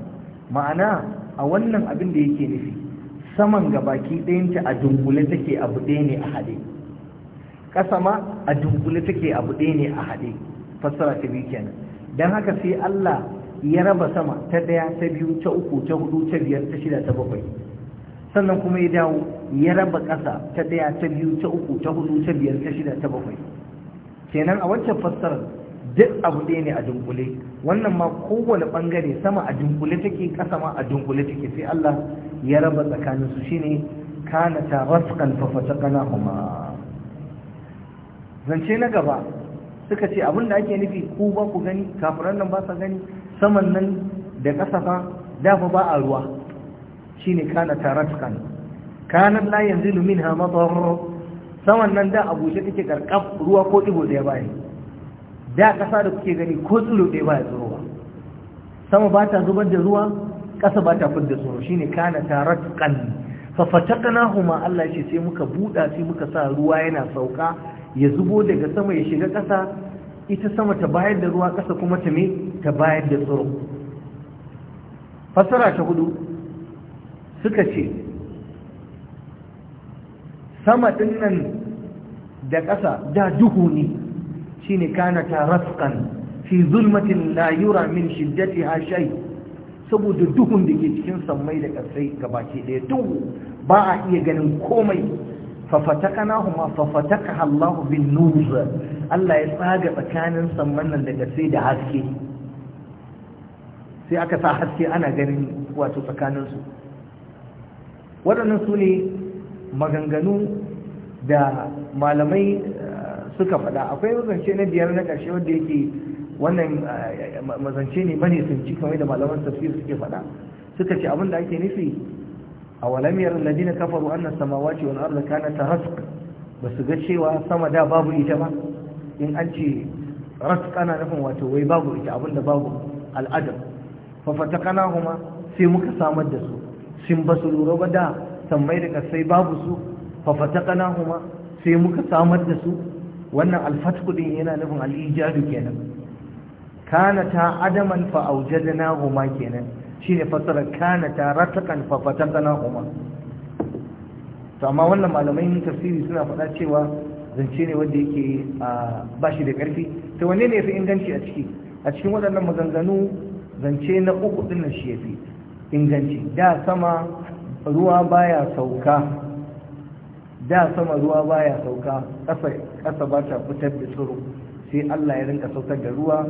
ma'ana a wannan abin da yake nufi saman gabaki ɗayanta a dunkule take abu ɗaya ne a hade ƙasa ma a dunkule take abu ɗaya ne a haɗe fassara ta biyu kenan don haka sai Allah ya raba sama ta ɗaya ta biyu ta uku ta hudu ta biyar ta shida ta bakwai sannan kuma ya dawo ya raba ƙasa ta ɗaya ta biyu ta uku ta hudu ta biyar ta shida ta bakwai kenan a wancan fassarar duk abu ɗaya ne a dunkule wannan ma kowane ɓangare sama a dunkule take ƙasa ma a dunkule take sai Allah ya raba tsakaninsu shine kana ta raskan fafataqana huma zance na gaba suka ce abin da ake nufi ku ba ku gani kafiran nan ba sa gani saman nan da ƙasa dafa ba a ruwa shine kana taratkan kanan la yanzilu hama, matar saman nan da abu shi take karkar ruwa ko ɗigo da ya bayan da ƙasa da kuke gani ko tsiro da ya bayan tsiro ba sama ba ta zubar da ruwa ƙasa ba ta tsoro. Shi ne kana taratkan fa huma Allah ce sai muka buɗa, sai muka sa ruwa yana sauka ya zubo daga sama ya shiga ƙasa ita sama ta bayar da ruwa ƙasa kuma ta me ta bayar da tsoro Fasara ta hudu suka ce sama dinnan da ƙasa da duhu ne shine kana ta raskan fi zulmatin na yura min shiddatiha shay saboda duhun da ke cikin sammai da ƙasai gabace ɗaya duhu ba a iya ganin komai fafataknahuma fafatakaha Allahu bin nur Allah ya tsaga tsakanin samman daga sai da haske sai aka sa haske ana ganin wato tsakanin su waɗannan su ne maganganu da malamai suka faɗa akwai mazance na biyar na ƙarshe wanda yake wannan mazance ne mane sun ci kamar da malaman tafsir suke faɗa suka ce abin da ake nufi awalam yar alladhina kafaru anna as-samawati wal arda kanat rasq basu ga cewa sama da babu ita ba in an ce rasq ana nufin wato wai babu ita abinda babu al'adam fa fatakanahuma sai muka samar da su sun basu lura ba da sammai da kasai babu su fa fatakanahuma sai muka samar da su wannan alfatku din yana nufin al'ijadu kenan kana ta adaman fa aujadnahuma kenan shine fasarar kana taratakan fafatan kana kuma to amma wannan malamai tafsiri suna faɗa cewa zance ne wanda yake ba shi da ƙarfi to wanne ne yafi inganci a ciki a cikin waɗannan maganganu zance na uku dinnan shi yafi inganci da sama ruwa baya sauka da sama ruwa baya sauka ƙasa ba ta fitar da tsoro sai Allah ya rinka saukar da ruwa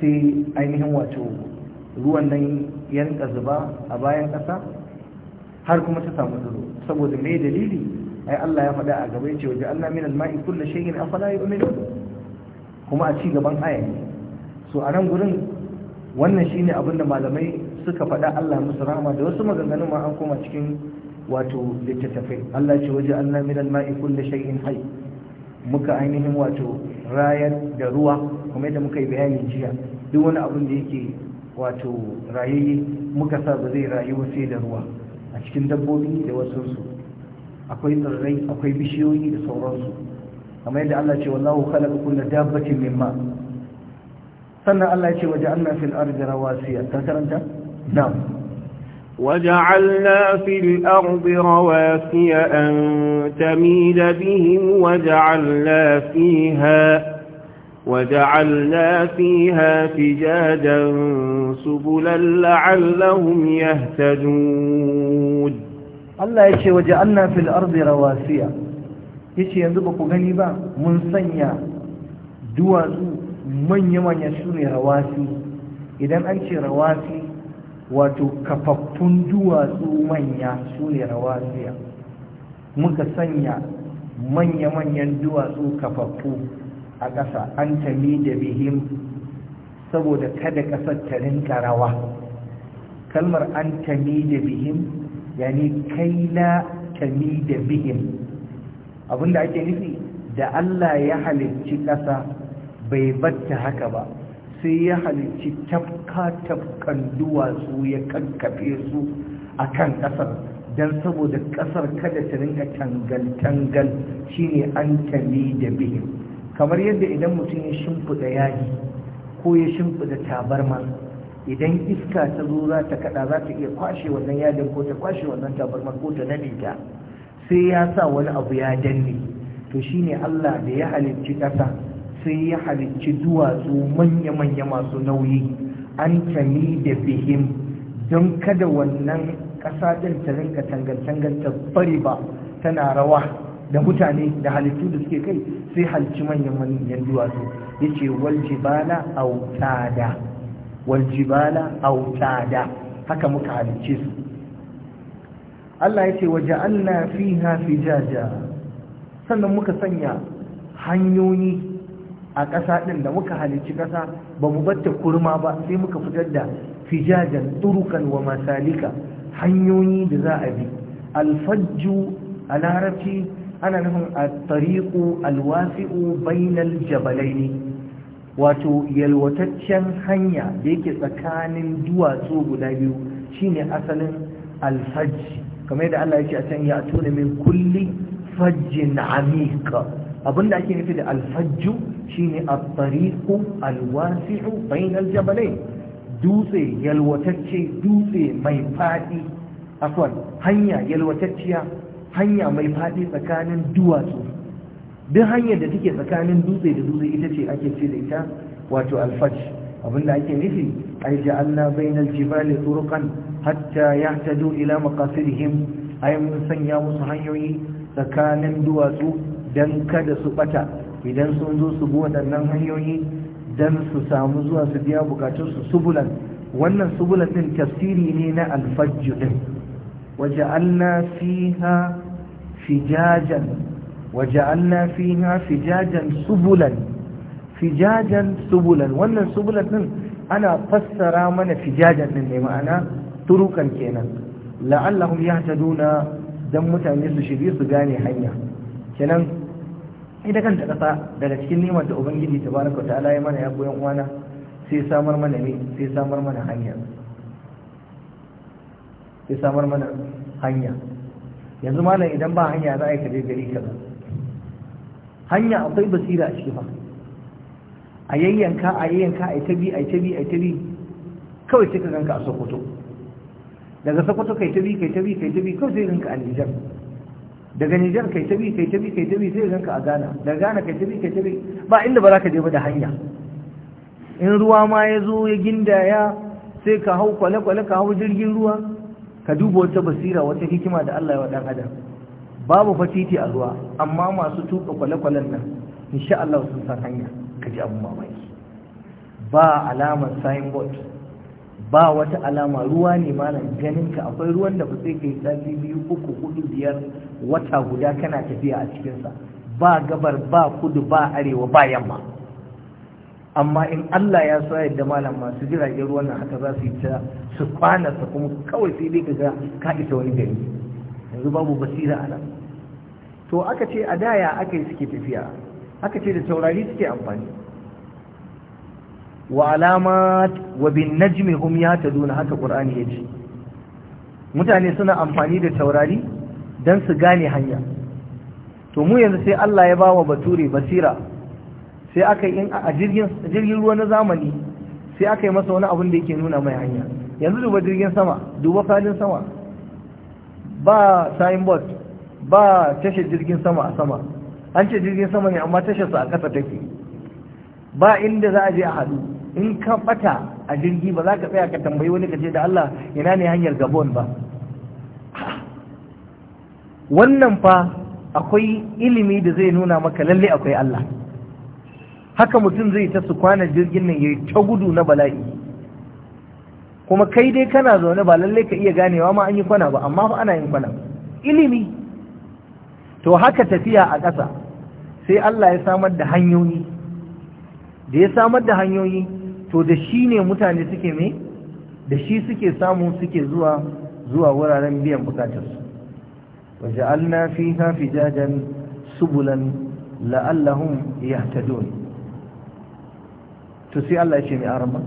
sai ainihin wato ruwan nan ya zuba a bayan ƙasa har kuma ta samu tsaro saboda mai dalili ai Allah ya faɗa a gaba yace waje Allah min al-ma'i kullu shay'in afala yu'minu kuma a ci gaban aya so a nan gurin wannan shine abinda malamai suka faɗa Allah musu rahama da wasu maganganun ma an koma cikin wato littattafai Allah ce waje Allah min al-ma'i kullu shay'in hayy muka ainihin wato rayar da ruwa kuma yadda muka yi bayani jiya duk wani abin da yake wato rayayye muka sa ba zai rayu sai da ruwa a cikin dabbobi da wasu su akwai tsirrai akwai bishiyoyi da sauransu kamar yadda Allah ce wallahu khalaqa kulla dabbatin min ma sannan Allah ya ce waja'alna fil ardi rawasiya ta karanta na'am وجعلنا في الأرض رواسي أن تميد بهم وجعلنا فيها وجعلنا فيها فجاجا سبلا لعلهم يهتدون Allah ya ce waje anna fil ardi rawasiya yace yanzu ba ku gani ba mun sanya duwatsu manya-manya su ne rawasi idan an ce rawasi wato kafaffun duwatsu manya muka sanya manya-manyan duwatsu kafaffu a ƙasa an tami da bihim saboda kada ƙasar ta rinka rawa kalmar an tami da bihim yani kai la tami da bihim abinda ake nufi da Allah ya halicci ƙasa bai batta haka ba sai ya halicci tafka-tafkan duwatsu ya kankafe su a kan ƙasar don saboda ƙasar kada ta rinka tangal-tangal shine an tami da bihim kamar yadda idan mutum ya shimfida yaji ko ya shimfida tabarma idan iska ta zo za ta kada za ta iya kwashe wannan yajin ko ta kwashe wannan tabarma ko ta nabi ta sai ya sa wani abu ya danne to shi ne Allah da ya halicci ƙasa sai ya halicci duwatsu manya-manya masu nauyi an tami da bihim don kada wannan ƙasa ɗin ta rinka tangantangan ta bari ba tana rawa da mutane da halittu da suke kai sai halci manyan manyan duwatsu ya ce waljibala autada waljibala autada haka muka halicce su Allah ya ce waje Allah fiha fijaja sannan muka sanya hanyoyi a ƙasa ɗin da muka halicci ƙasa ba mu batta kurma ba sai muka fitar da fijajan turukan wa masalika hanyoyi da za a bi alfajju a larabci ana nufin a tariku alwasi'u bainal ne wato yalwataccen hanya da yake tsakanin duwatsu guda biyu shine asalin alfaj kamar yadda Allah ya ce a can ya tuna min kulli fajjin amiq abinda ake nufi da alfajju shine at-tariqu al-wasi'u bainal jabalain dutse yalwatacce dutse mai fadi afwan hanya yalwatacciya hanya mai faɗi tsakanin duwatsu duk hanyar da take tsakanin dutse da dutse ita ce ake ce da ita wato alfaj abinda ake nufi ai na bainal jibali turuqan hatta yahtadu ila maqasidihim ai mun sanya musu hanyoyi tsakanin duwatsu don kada su bata idan sun zo su bi waɗannan hanyoyi don su samu zuwa su biya su subulan wannan subulan din tafsiri ne na alfajr din waja'alna fiha فجاجا وجعلنا فيها فجاجا سبلا فجاجا سبلا wannan subulan din ana fassara mana fijajan din ne ma'ana turukan kenan la'allahum yahtaduna dan mutane su shirye su gane hanya kenan ita kanta ƙasa daga cikin nimar da ubangiji tabaraka ta'ala ya mana ya koyan uwana sai samar mana ne sai samar sai samar mana hanya yanzu malam idan ba hanya za a yi kaje gari kaza hanya akwai basira a ciki fa a yayyanka a yayyanka a ta bi a ta bi a ta bi kawai sai ka ganka a sokoto daga sokoto kai ta bi kai ta bi kai ta bi kawai sai ganka a nijar daga nijar kai ta bi kai ta bi kai ta bi sai ganka a ghana daga ghana kai ta bi kai ta bi ba inda ba za ka je ba da hanya in ruwa ma ya zo ya gindaya sai ka hau kwale-kwale ka hau jirgin ruwa ka duba wata basira wata hikima da Allah ya wa dan adam babu fatiti a ruwa amma masu tuka kwale-kwalen nan insha Allah sun san hanya ka ji abun mamaki ba alamar signboard ba wata alama ruwa ne malam ganin ka akwai ruwan da ba sai kai sati biyu uku hudu biyar wata guda kana tafiya a cikinsa ba gabar ba kudu ba arewa ba yamma amma in Allah ya sa yadda malam masu jiragen ruwan nan haka za su yi ta su kwana su kuma kawai sai dai kaga ka isa wani gari yanzu babu basira a nan to aka ce a daya aka yi suke tafiya aka ce da taurari suke amfani wa alama wa bin najmi hum duna haka qur'ani ce mutane suna amfani da taurari dan su gane hanya to mu yanzu sai Allah ya bawa bature basira sai aka yi a jirgin ruwa na zamani sai aka yi masa wani abin da yake nuna mai hanya yanzu duba jirgin sama duba falin sama ba signboard ba tashar jirgin sama a sama an ce jirgin sama ne amma tasharsu a ƙasa take ba inda za a je a Hadu, in ka bata a jirgi ba za ka tsaya ka tambayi wani ka ce da Allah ina ne hanyar gabon ba wannan fa akwai ilimi da zai nuna maka lalle akwai Allah haka mutum zai ta su kwana jirgin nan ya yi ta gudu na bala'i kuma kai dai kana zaune ba lallai ka iya ganewa ma an yi kwana ba amma fa ana yin kwana ilimi to haka tafiya a ƙasa sai Allah ya samar da hanyoyi da ya samar da hanyoyi to da shi ne mutane suke mai da shi suke samu suke zuwa zuwa wuraren biyan bukatarsu waje'alna fiha fijajan subulan la'allahum yahtadun to sai Allah ya ce mai arama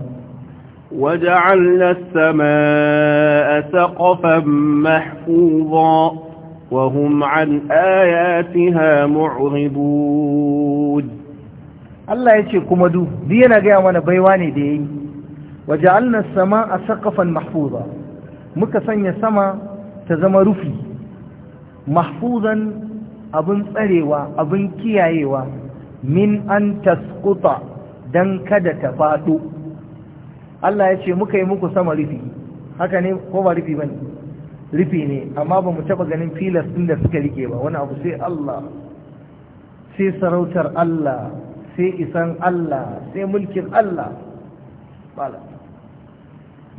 وجعلنا السماء سقفا محفوظا وهم عن آياتها معرضون Allah ya ce kuma du duk yana gaya mana baiwa ne da ya yi waje alnar sama a sakafan mahfuza muka sanya sama ta zama rufi mahfuzan abin tsarewa abin kiyayewa min an taskuta don kada ta faɗo Allah ya ce muka yi muku sama rufi haka ne ko ba rufi bane rufi ne amma ba mu taɓa ganin filas ɗin da suka rike ba wani abu sai Allah sai sarautar Allah sai isan Allah sai mulkin Allah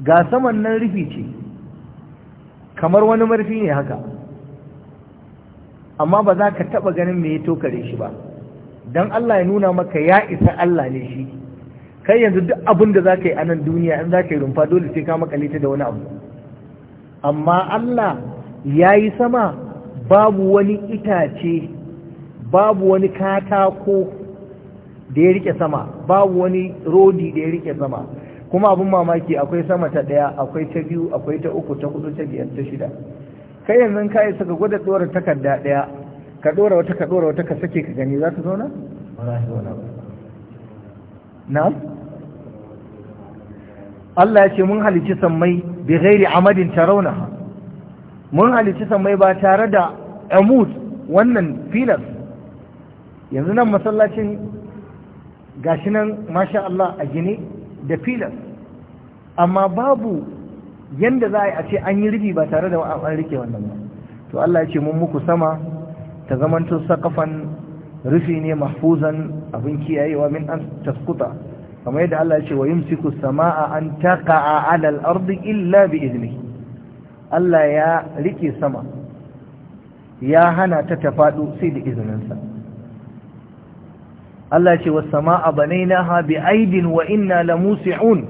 ga saman nan rufi ce kamar wani marfi ne haka amma ba za ka taɓa ganin me ya tokare shi ba don Allah ya nuna maka ya isa Allah ne shi kai yanzu duk abin da za yi a nan duniya in zaka yi rumfa dole sai ka makalita da wani abu amma Allah ya yi sama babu wani itace babu wani katako da ya rike sama babu wani rodi da ya rike sama kuma abin mamaki akwai sama ta ɗaya akwai ta biyu akwai ta uku ta hudu ta biyar ta shida kai yanzu ka yi saka gwada tsoron takarda ɗaya ka ɗora wata ka ɗora wata ka sake ka gani za ta zauna? na? Allah ya ce mun halici sammai bi gairi amadin tarauna mun halici sammai ba tare da Amud wannan filas yanzu nan masallacin gashi nan masha Allah a gine da filas amma babu yanda za a yi a ce an yi rufi ba tare da an rike wannan ba to Allah ya ce mun muku sama ta zamanto sakafan rufi ne mahfuzan abin kiyayewa min an taskuta kamar yadda Allah ce wa yumsiku samaa an taqa'a 'ala al-ardi illa bi iznihi Allah ya rike sama ya hana ta tafadu sai da izininsa Allah ce was samaa banaynaha bi aidin wa inna lamusihun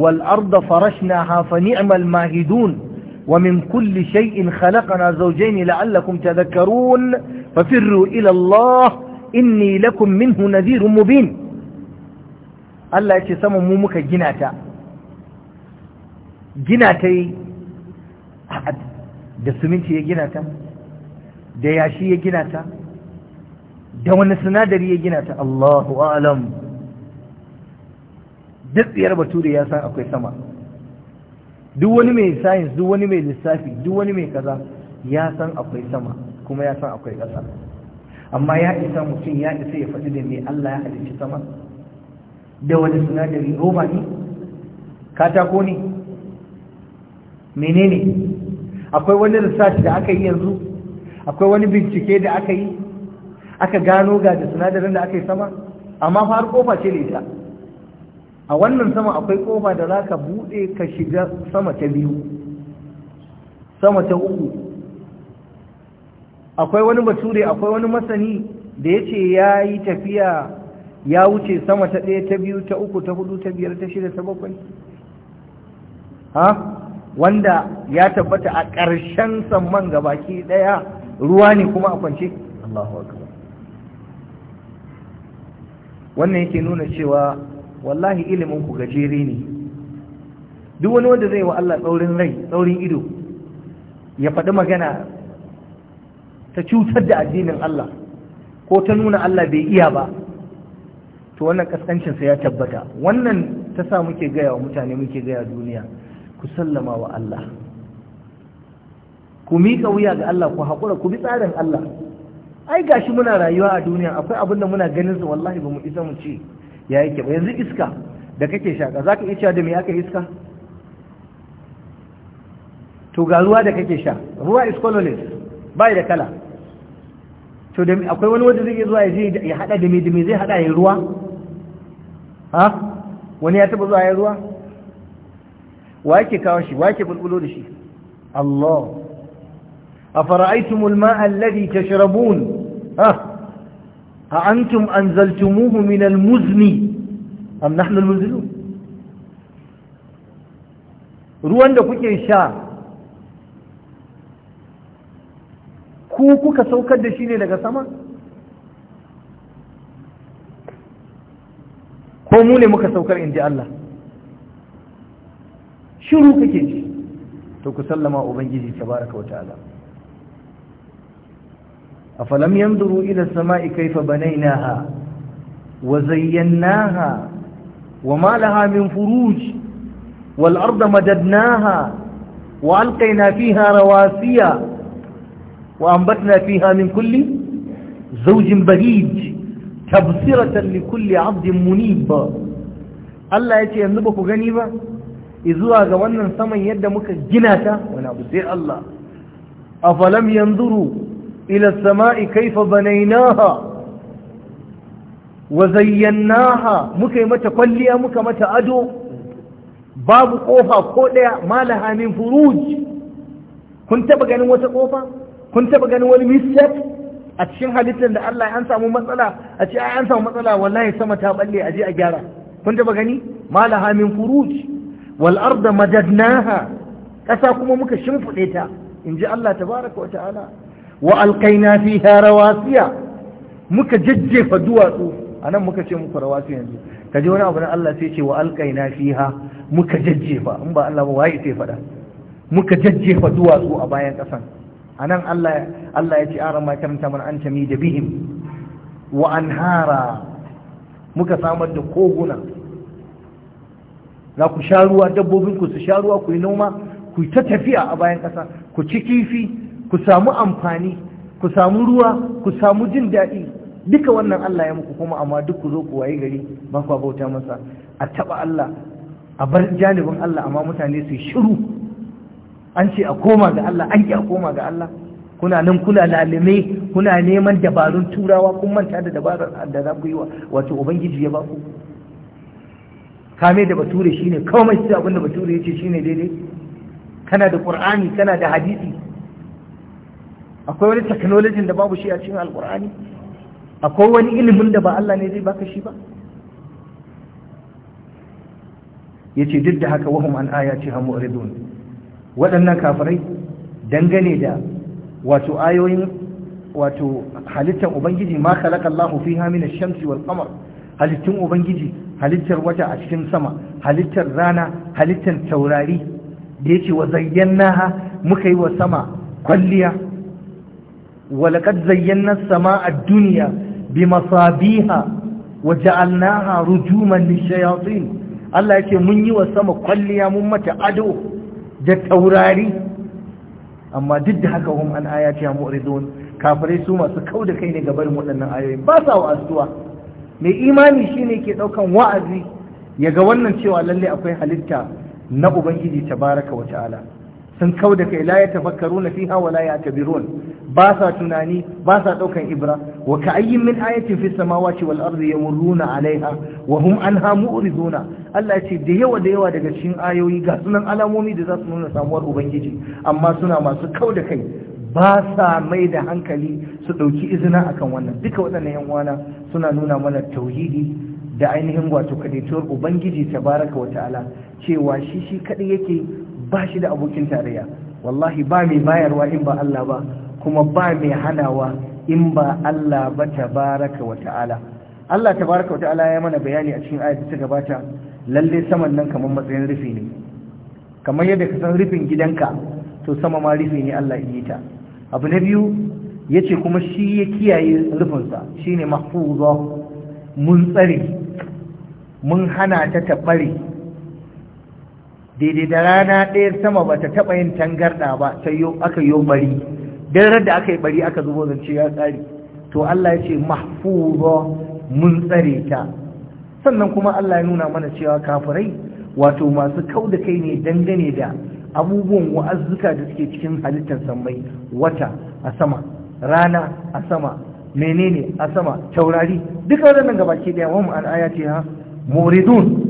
wal arda farashnaha fa ni'mal mahidun ومن كل شيء خلقنا زوجين لعلكم تذكرون ففروا إلى الله إني لكم منه نذير مبين الله يتسمى مومك جناتا جناتي أحد da siminti ya gina ta da yashi ya gina ta da wani sinadari ya gina ta Allahu alam duk tsiyar bature ya san akwai sama duk wani mai science duk wani mai lissafi duk wani mai kaza ya san akwai sama kuma ya san akwai ƙasa amma ya isa mutum ya isa ya faɗi da mai Allah ya halicci sama da wani sinadari roba ne katako ne menene akwai wani lissafi da aka yi yanzu akwai wani bincike da aka yi aka gano ga da sinadarin da aka yi sama amma har kofa ce da ita a wannan sama akwai kofa da za ka buɗe ka shiga sama ta biyu sama ta uku akwai wani bature akwai wani masani da ya ce ya yi tafiya ya wuce sama ta ɗaya ta biyu ta uku ta hudu ta biyar ta shida ta bakwai ha wanda ya tabbata a ƙarshen samman gabaki ɗaya ruwa ne kuma a kwance wannan yake nuna cewa wallahi ilimin ku gajere ne duk wani wanda zai wa Allah tsaurin rai tsaurin ido ya faɗi magana ta cutar da addinin Allah ko ta nuna Allah bai iya ba to wannan kaskancinsa ya tabbata wannan ta sa muke gaya wa mutane muke gaya duniya ku sallama wa Allah ku miƙa wuya ga Allah ku haƙura ku bi tsarin Allah ai gashi muna rayuwa a duniya akwai abin da muna ganin su wallahi ba mu isa mu ce ya yi ba yanzu iska da kake shaka za ka yi cewa da me aka iska to ga ruwa da kake sha ruwa is colorless bai da kala to da akwai wani wanda zai zuwa ya haɗa da me da zai haɗa ya ruwa ha wani ya taɓa zuwa ya ruwa wa yake kawo shi wa yake bulbulo da shi Allah A afara'aytumul ma'a alladhi tashrabun ha a antum anzaltumuhu min muzni am nahnu ruwan da kuke sha ku kuka saukar da shi ne daga sama ko mu ne muka saukar inda Allah shiru kake ji to ku sallama ubangiji tabaraka wa ta'ala أفلم ينظروا إلى السماء كيف بنيناها وزيناها وما لها من فروج والأرض مددناها وألقينا فيها رواسيا وأنبتنا فيها من كل زوج بهيج تبصرة لكل عبد منيب الله يتي أنبك غنيبا ba غوانا سمن يد مكة جناتا ونبسي الله أفلم ينظروا إلى السماء كيف بنيناها وزيناها مكي متى قليا مكي متى أدو باب قوفة قوليا ما لها من فروج كنت بغن وتا قوفة كنت بغن والمسك أتشين حديثا أن الله أنسى ممثلة أتشين أنسى ممثلة والله سمتها بلي أجي أجارة كنت بغني ما لها من فروج والأرض مددناها ƙasa kuma muka shimfiɗe ta in ji Allah tabaraka wa ta'ala wa alkaina fiha rawasiya muka jajjefa duwatsu anan muka ce muku rawasi yanzu kaje wani abu na Allah sai ce wa alkaina fiha muka jajjefa in ba Allah ba waye sai fada muka jajjefa duwatsu a bayan kasan anan Allah Allah ya ce ara ma karanta mana an da bihim wa anhara muka samar da koguna za ku sha ruwa dabbobin ku su sha ruwa ku yi noma ku ta tafiya a bayan ƙasa ku ci kifi ku samu amfani ku samu ruwa ku samu jin daɗi duka wannan Allah ya muku kuma amma duk ku zo ku waye gari ba ku bauta masa a taba Allah a bar janibin Allah amma mutane su shiru an ce a koma ga Allah an ki a koma ga Allah kuna nan kuna lalime kuna neman dabarun turawa kun manta da dabarar da za ku yi wa wato ubangiji ya ba ku kame da bature shine kawai sai abinda bature ya ce shine daidai kana da qur'ani kana da hadisi akwai wani technology da babu shi a cikin alkur'ani akwai wani ilimin da ba Allah ne zai baka shi ba yace duk da haka wahum an ayati ha mu'ridun waɗannan kafirai dangane da wato ayoyin wato halittar ubangiji ma khalaqallahu fiha min ash-shamsi wal qamar halittun ubangiji halittar wata a cikin sama halittar rana halittar taurari da yace wa zayyanaha muka yi wa sama kwalliya ولقد زينا السماء الدنيا بمصابيها وجعلناها رجوما للشياطين Allah yake mun yi wa sama kwalliya mun mata ado da taurari amma duk da haka hum an ayati ya mu'ridun kafirai su masu kau da kai ne ga barin waɗannan ayoyi ba sa wa'azuwa mai imani shine ke ɗaukan wa'azi Yaga wannan cewa lalle akwai halitta na ubangiji tabaraka wa ta'ala sun kau da kai ya tafakkaru na fiha wa a ya ba sa tunani ba sa ɗaukan ibra wa ka ayyin min ayatin fi samawati wal ya yamurruna alaiha wa hum anha mu'riduna Allah ya ce da yawa da yawa daga cikin ayoyi ga sunan alamomi da za su nuna samuwar ubangiji amma suna masu kau da kai ba sa mai da hankali su ɗauki izina akan wannan duka waɗannan yan uwana suna nuna mana tauhidi da ainihin wato kadaituwar ubangiji tabaraka wa ta'ala cewa shi shi kaɗai yake ba shi da abokin tarayya wallahi ba mai bayarwa in ba Allah ba kuma ba mai hanawa in ba Allah ba tabaraka wa ta'ala Allah tabaraka wa ta'ala ya mana bayani a cikin ayat ta gabata lalle saman nan kamar matsayin rufi ne kamar yadda ka san rufin gidanka to sama ma rufi ne Allah yi ta abu na biyu yace kuma shi ya kiyaye rufinsa shine mahfuzah mun tsare mun hana ta tabbare daidai da rana ɗaya sama ba ta taɓa yin tangarɗa ba ta yi aka yi bari don da aka yi bari aka zubo zance ya tsari to Allah ya ce mahfuzo mun tsare ta sannan kuma Allah ya nuna mana cewa kafirai wato masu kau da kai ne dangane da abubuwan wa'azzuka da suke cikin halittar sammai wata a sama rana a sama menene a sama taurari duka waɗannan gabaki daya, wa mu an ce ha muridun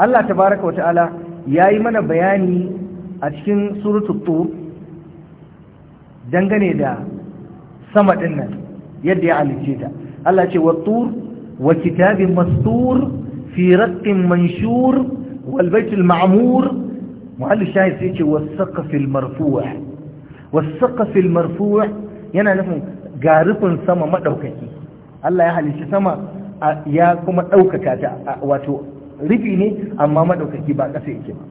Allah tabaraka wa ta'ala yayi mana bayani a cikin suratul tur dangane da sama din nan yadda ya halice ta Allah ce wat-tur wa kitabin mastur fi raqqin manshur wal baitul ma'mur muhallil shahid sai ce was-saqfil marfu' was-saqfil marfu' yana nufin garufin sama madaukaki Allah ya halice sama ya kuma daukaka ta wato rufi ne amma madaukaki ba kasa yake ba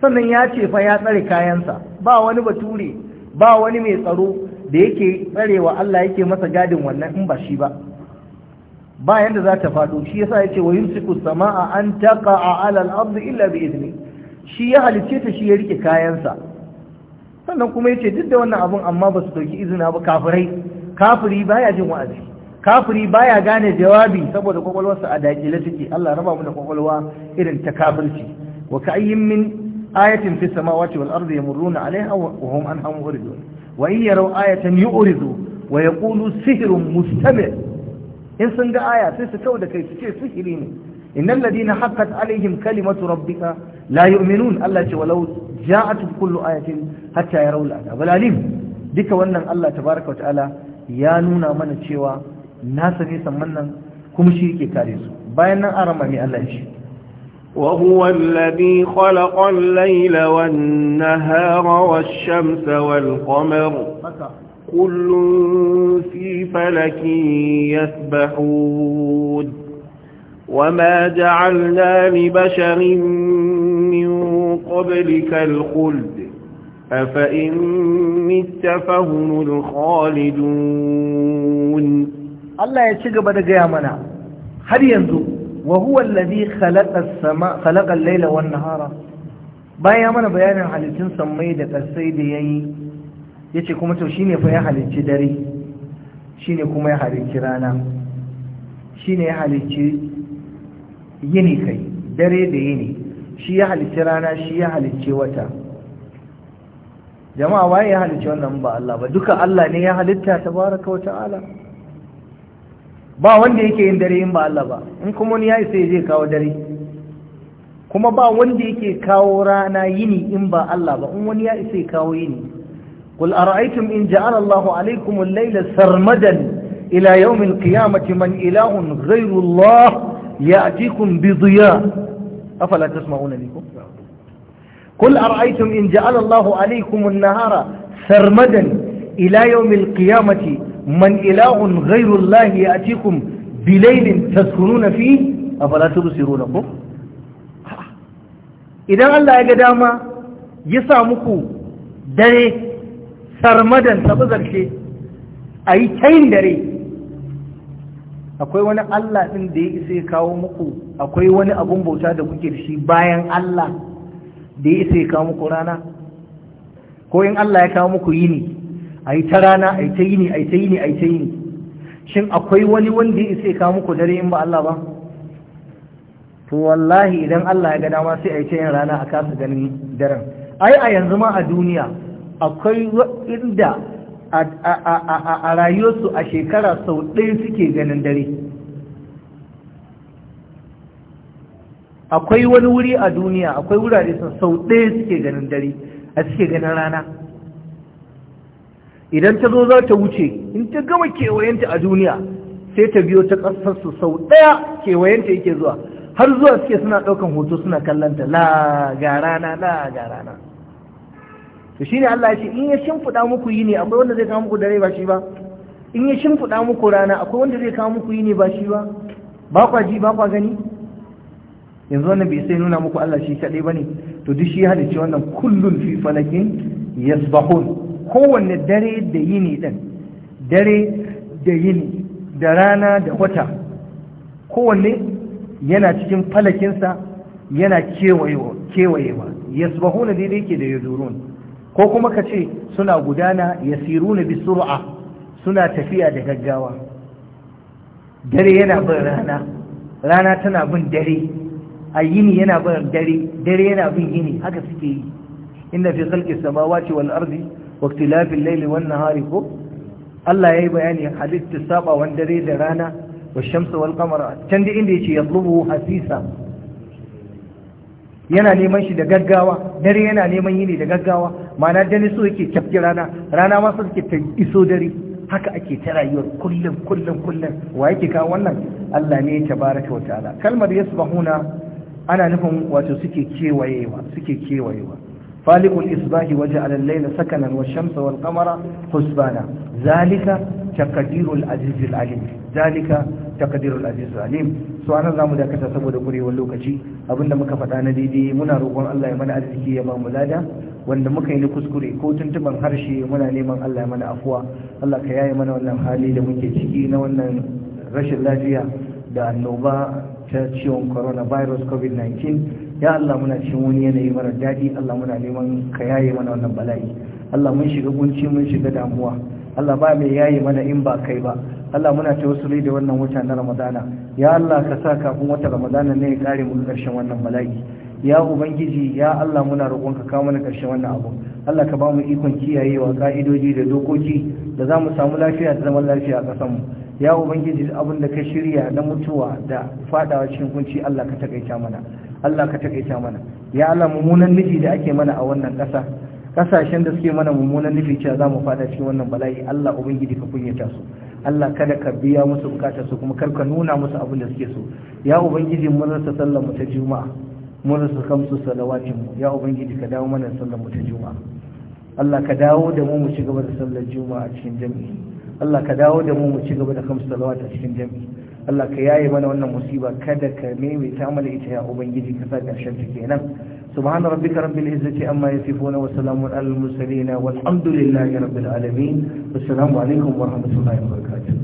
sannan ya ce fa ya tsare kayansa ba wani bature ba wani mai tsaro da yake tsarewa Allah yake masa gadin wannan in ba shi ba ba yanda za ta faɗo shi yasa yace wa yumsiku samaa an taqa'a 'ala al-ardi illa bi idni shi ya halice ta shi ya rike kayansa sannan kuma yace duk da wannan abun amma ba su dauki izina ba kafirai kafiri baya jin wa'azi kafiri baya gane jawabi saboda kwakwalwarsa a dakile take Allah raba mu da kwakwalwa irin ta kafirci wa ka'ayyin min ayatin fi samawati wal ardi yamurruna alaiha wa hum anha muridun wa in yaraw ayatan yu'ridu wa yaqulu sihrun mustamir in sun ga aya sai su kauda kai su ce sihiri ne innal ladina haqqat alaihim kalimatu rabbika la yu'minun Allah ce walau ja'atuhum kullu ayatin hatta yarawul azab alim duka wannan Allah tabaaraka wa ta'ala ya nuna mana cewa nasa ne samman nan kuma shi yake kare su bayan nan arama mai Allah shi وهو الذي خلق الليل والنهار والشمس والقمر كل في فلك يسبحون وما جعلنا لبشر من قبلك الخلد أفإن مت فهم الخالدون Allah ya ci gaba da gaya mana har yanzu wa huwa alladhi khalaqa as-sama khalaqa al-layla wan nahara ya mana bayanin halittun sammai da ƙasai da yayi yace kuma to shine fa ya halicci dare shine kuma ya halicci rana shine ya halicci yini kai dare da yini shi ya halicci rana shi ya halicci wata jama'a waye ya halicci wannan ba Allah ba duka Allah ne ya halitta tabaraka wa ta'ala ba wanda yake yin dare in ba Allah ba in kuma wani ya isa ya je kawo dare kuma ba wanda yake kawo rana yini in ba Allah ba in wani ya isa ya kawo yini qul ara'aytum in ja'ala Allahu alaykum al-layla sarmadan ila yawm al-qiyamati man ilahun ghayru Allah ya'tikum bi dhiya قل أرأيتم إن جعل الله عليكم النهار سرمدا إلى يوم القيامة man ilahun غير الله يأتيكم بليل تذكرون fi أفلا تبصرون ko idan Allah ya ga dama ya sa muku dare تين دري dare akwai wani Allah ɗin da ya isa ya kawo muku akwai wani abun bauta da kuke da shi bayan Allah da ya isa ya kawo muku rana ko in Allah ya kawo muku yini a yi ta rana a yi ta yini a yi ta yini a yi ta yini shin akwai wani wanda ya isa ya muku dare in ba Allah ba to wallahi idan Allah ya gada ma sai a yi ta yin rana a kasa ganin daren ai a yanzu ma a duniya akwai inda a rayuwarsu a shekara sau ɗaya suke ganin dare akwai wani wuri a duniya akwai wurare sau ɗaya suke ganin dare a suke ganin rana idan ta zo za ta wuce in ta gama kewayenta a duniya sai ta biyo ta ƙasarsu sau ɗaya kewayenta yake zuwa har zuwa suke suna ɗaukan hoto suna kallanta la ga rana la ga rana to shine Allah ya ce in ya shimfiɗa muku ne, akwai wanda zai kawo muku dare ba shi ba in ya shimfiɗa muku rana akwai wanda zai kawo muku ne ba shi ba ba kwa ji ba kwa gani yanzu wannan bai sai nuna muku Allah shi kaɗai ba ne to duk shi halicci wannan kullun fi falakin yasbahun kowanne dare da yini ɗin dare da yini da rana da wata kowanne yana cikin falakinsa yana kewayewa na daidai ke da yadurun ko kuma ka ce suna gudana ya na bi sur'a suna tafiya da gaggawa dare yana bin rana rana tana bin dare a yini yana bin dare dare yana bin yini haka suke yi inna fi samawa ce wani arzi? waktilafin laili wannan hari ko Allah ya yi bayanin halittu saba dare da rana wa shamsu wal can da inda ya ce yatlubu hasisa yana neman shi da gaggawa dare yana neman yini da gaggawa ma'ana dare so yake kyafti rana rana ma so ta iso dare haka ake ta rayuwar kullum kullum kullum wa yake kawo wannan Allah ne tabaraka wa ta'ala kalmar yasbahuna ana nufin wato suke kewayewa suke kewayewa فالق الإصباح وجعل الليل سكنا والشمس والقمر حسبانا ذلك تقدير العزيز العليم ذلك تقدير العزيز العليم سوانا زام دا كتا سبو دا قري واللوكجي أبن دا مكفتا نديدي منا روغون الله يمن أزكي يبا ملادا wanda muka yi kuskure ko tuntuban harshe muna neman Allah mana afuwa Allah ka yaye mana wannan hali da muke ciki na wannan rashin lafiya da annoba ta ciwon coronavirus covid-19 ya Allah muna cikin wani yanayi mara daɗi Allah muna neman ka yaye mana wannan bala'i Allah mun shiga kunci mun shiga damuwa Allah ba mai yaye mana in ba kai ba Allah muna tawassuli da wannan wata na Ramadana ya Allah ka sa kafin wata Ramadana ne ya kare mu karshen wannan bala'i ya ubangiji ya Allah muna roƙonka ka kawo mana karshen wannan abu Allah ka ba mu ikon kiyayewa ka'idoji da dokoki da za mu samu lafiya da zaman lafiya a ƙasar mu ya ubangiji abin da ka shirya na mutuwa da fadawa cikin kunci Allah ka takaita mana Allah ka takaita mana ya Allah mummunan nufi da ake mana a wannan ƙasa kasashen da suke mana mummunan nufi cewa za mu fada cikin wannan bala'i Allah ubangiji ka kunyata su Allah kada ka biya musu bukatar su kuma kar ka nuna musu abin da suke so ya ubangiji mun rasa sallar mu ta juma'a mun rasa kamsu salawatin mu ya ubangiji ka dawo mana sallar mu ta juma'a Allah ka dawo da mu mu ci gaba da sallar juma'a cikin jami'i Allah ka dawo da mu mu ci gaba da kamsa salawa ta cikin jami Allah ka yaye mana wannan musiba kada ka meme ta amala ita ya ubangiji ka sa karshen ta kenan subhana rabbika rabbil izzati amma yasifuna wa salamun alal mursalin walhamdulillahi rabbil alamin assalamu alaikum wa rahmatullahi wa barakatuh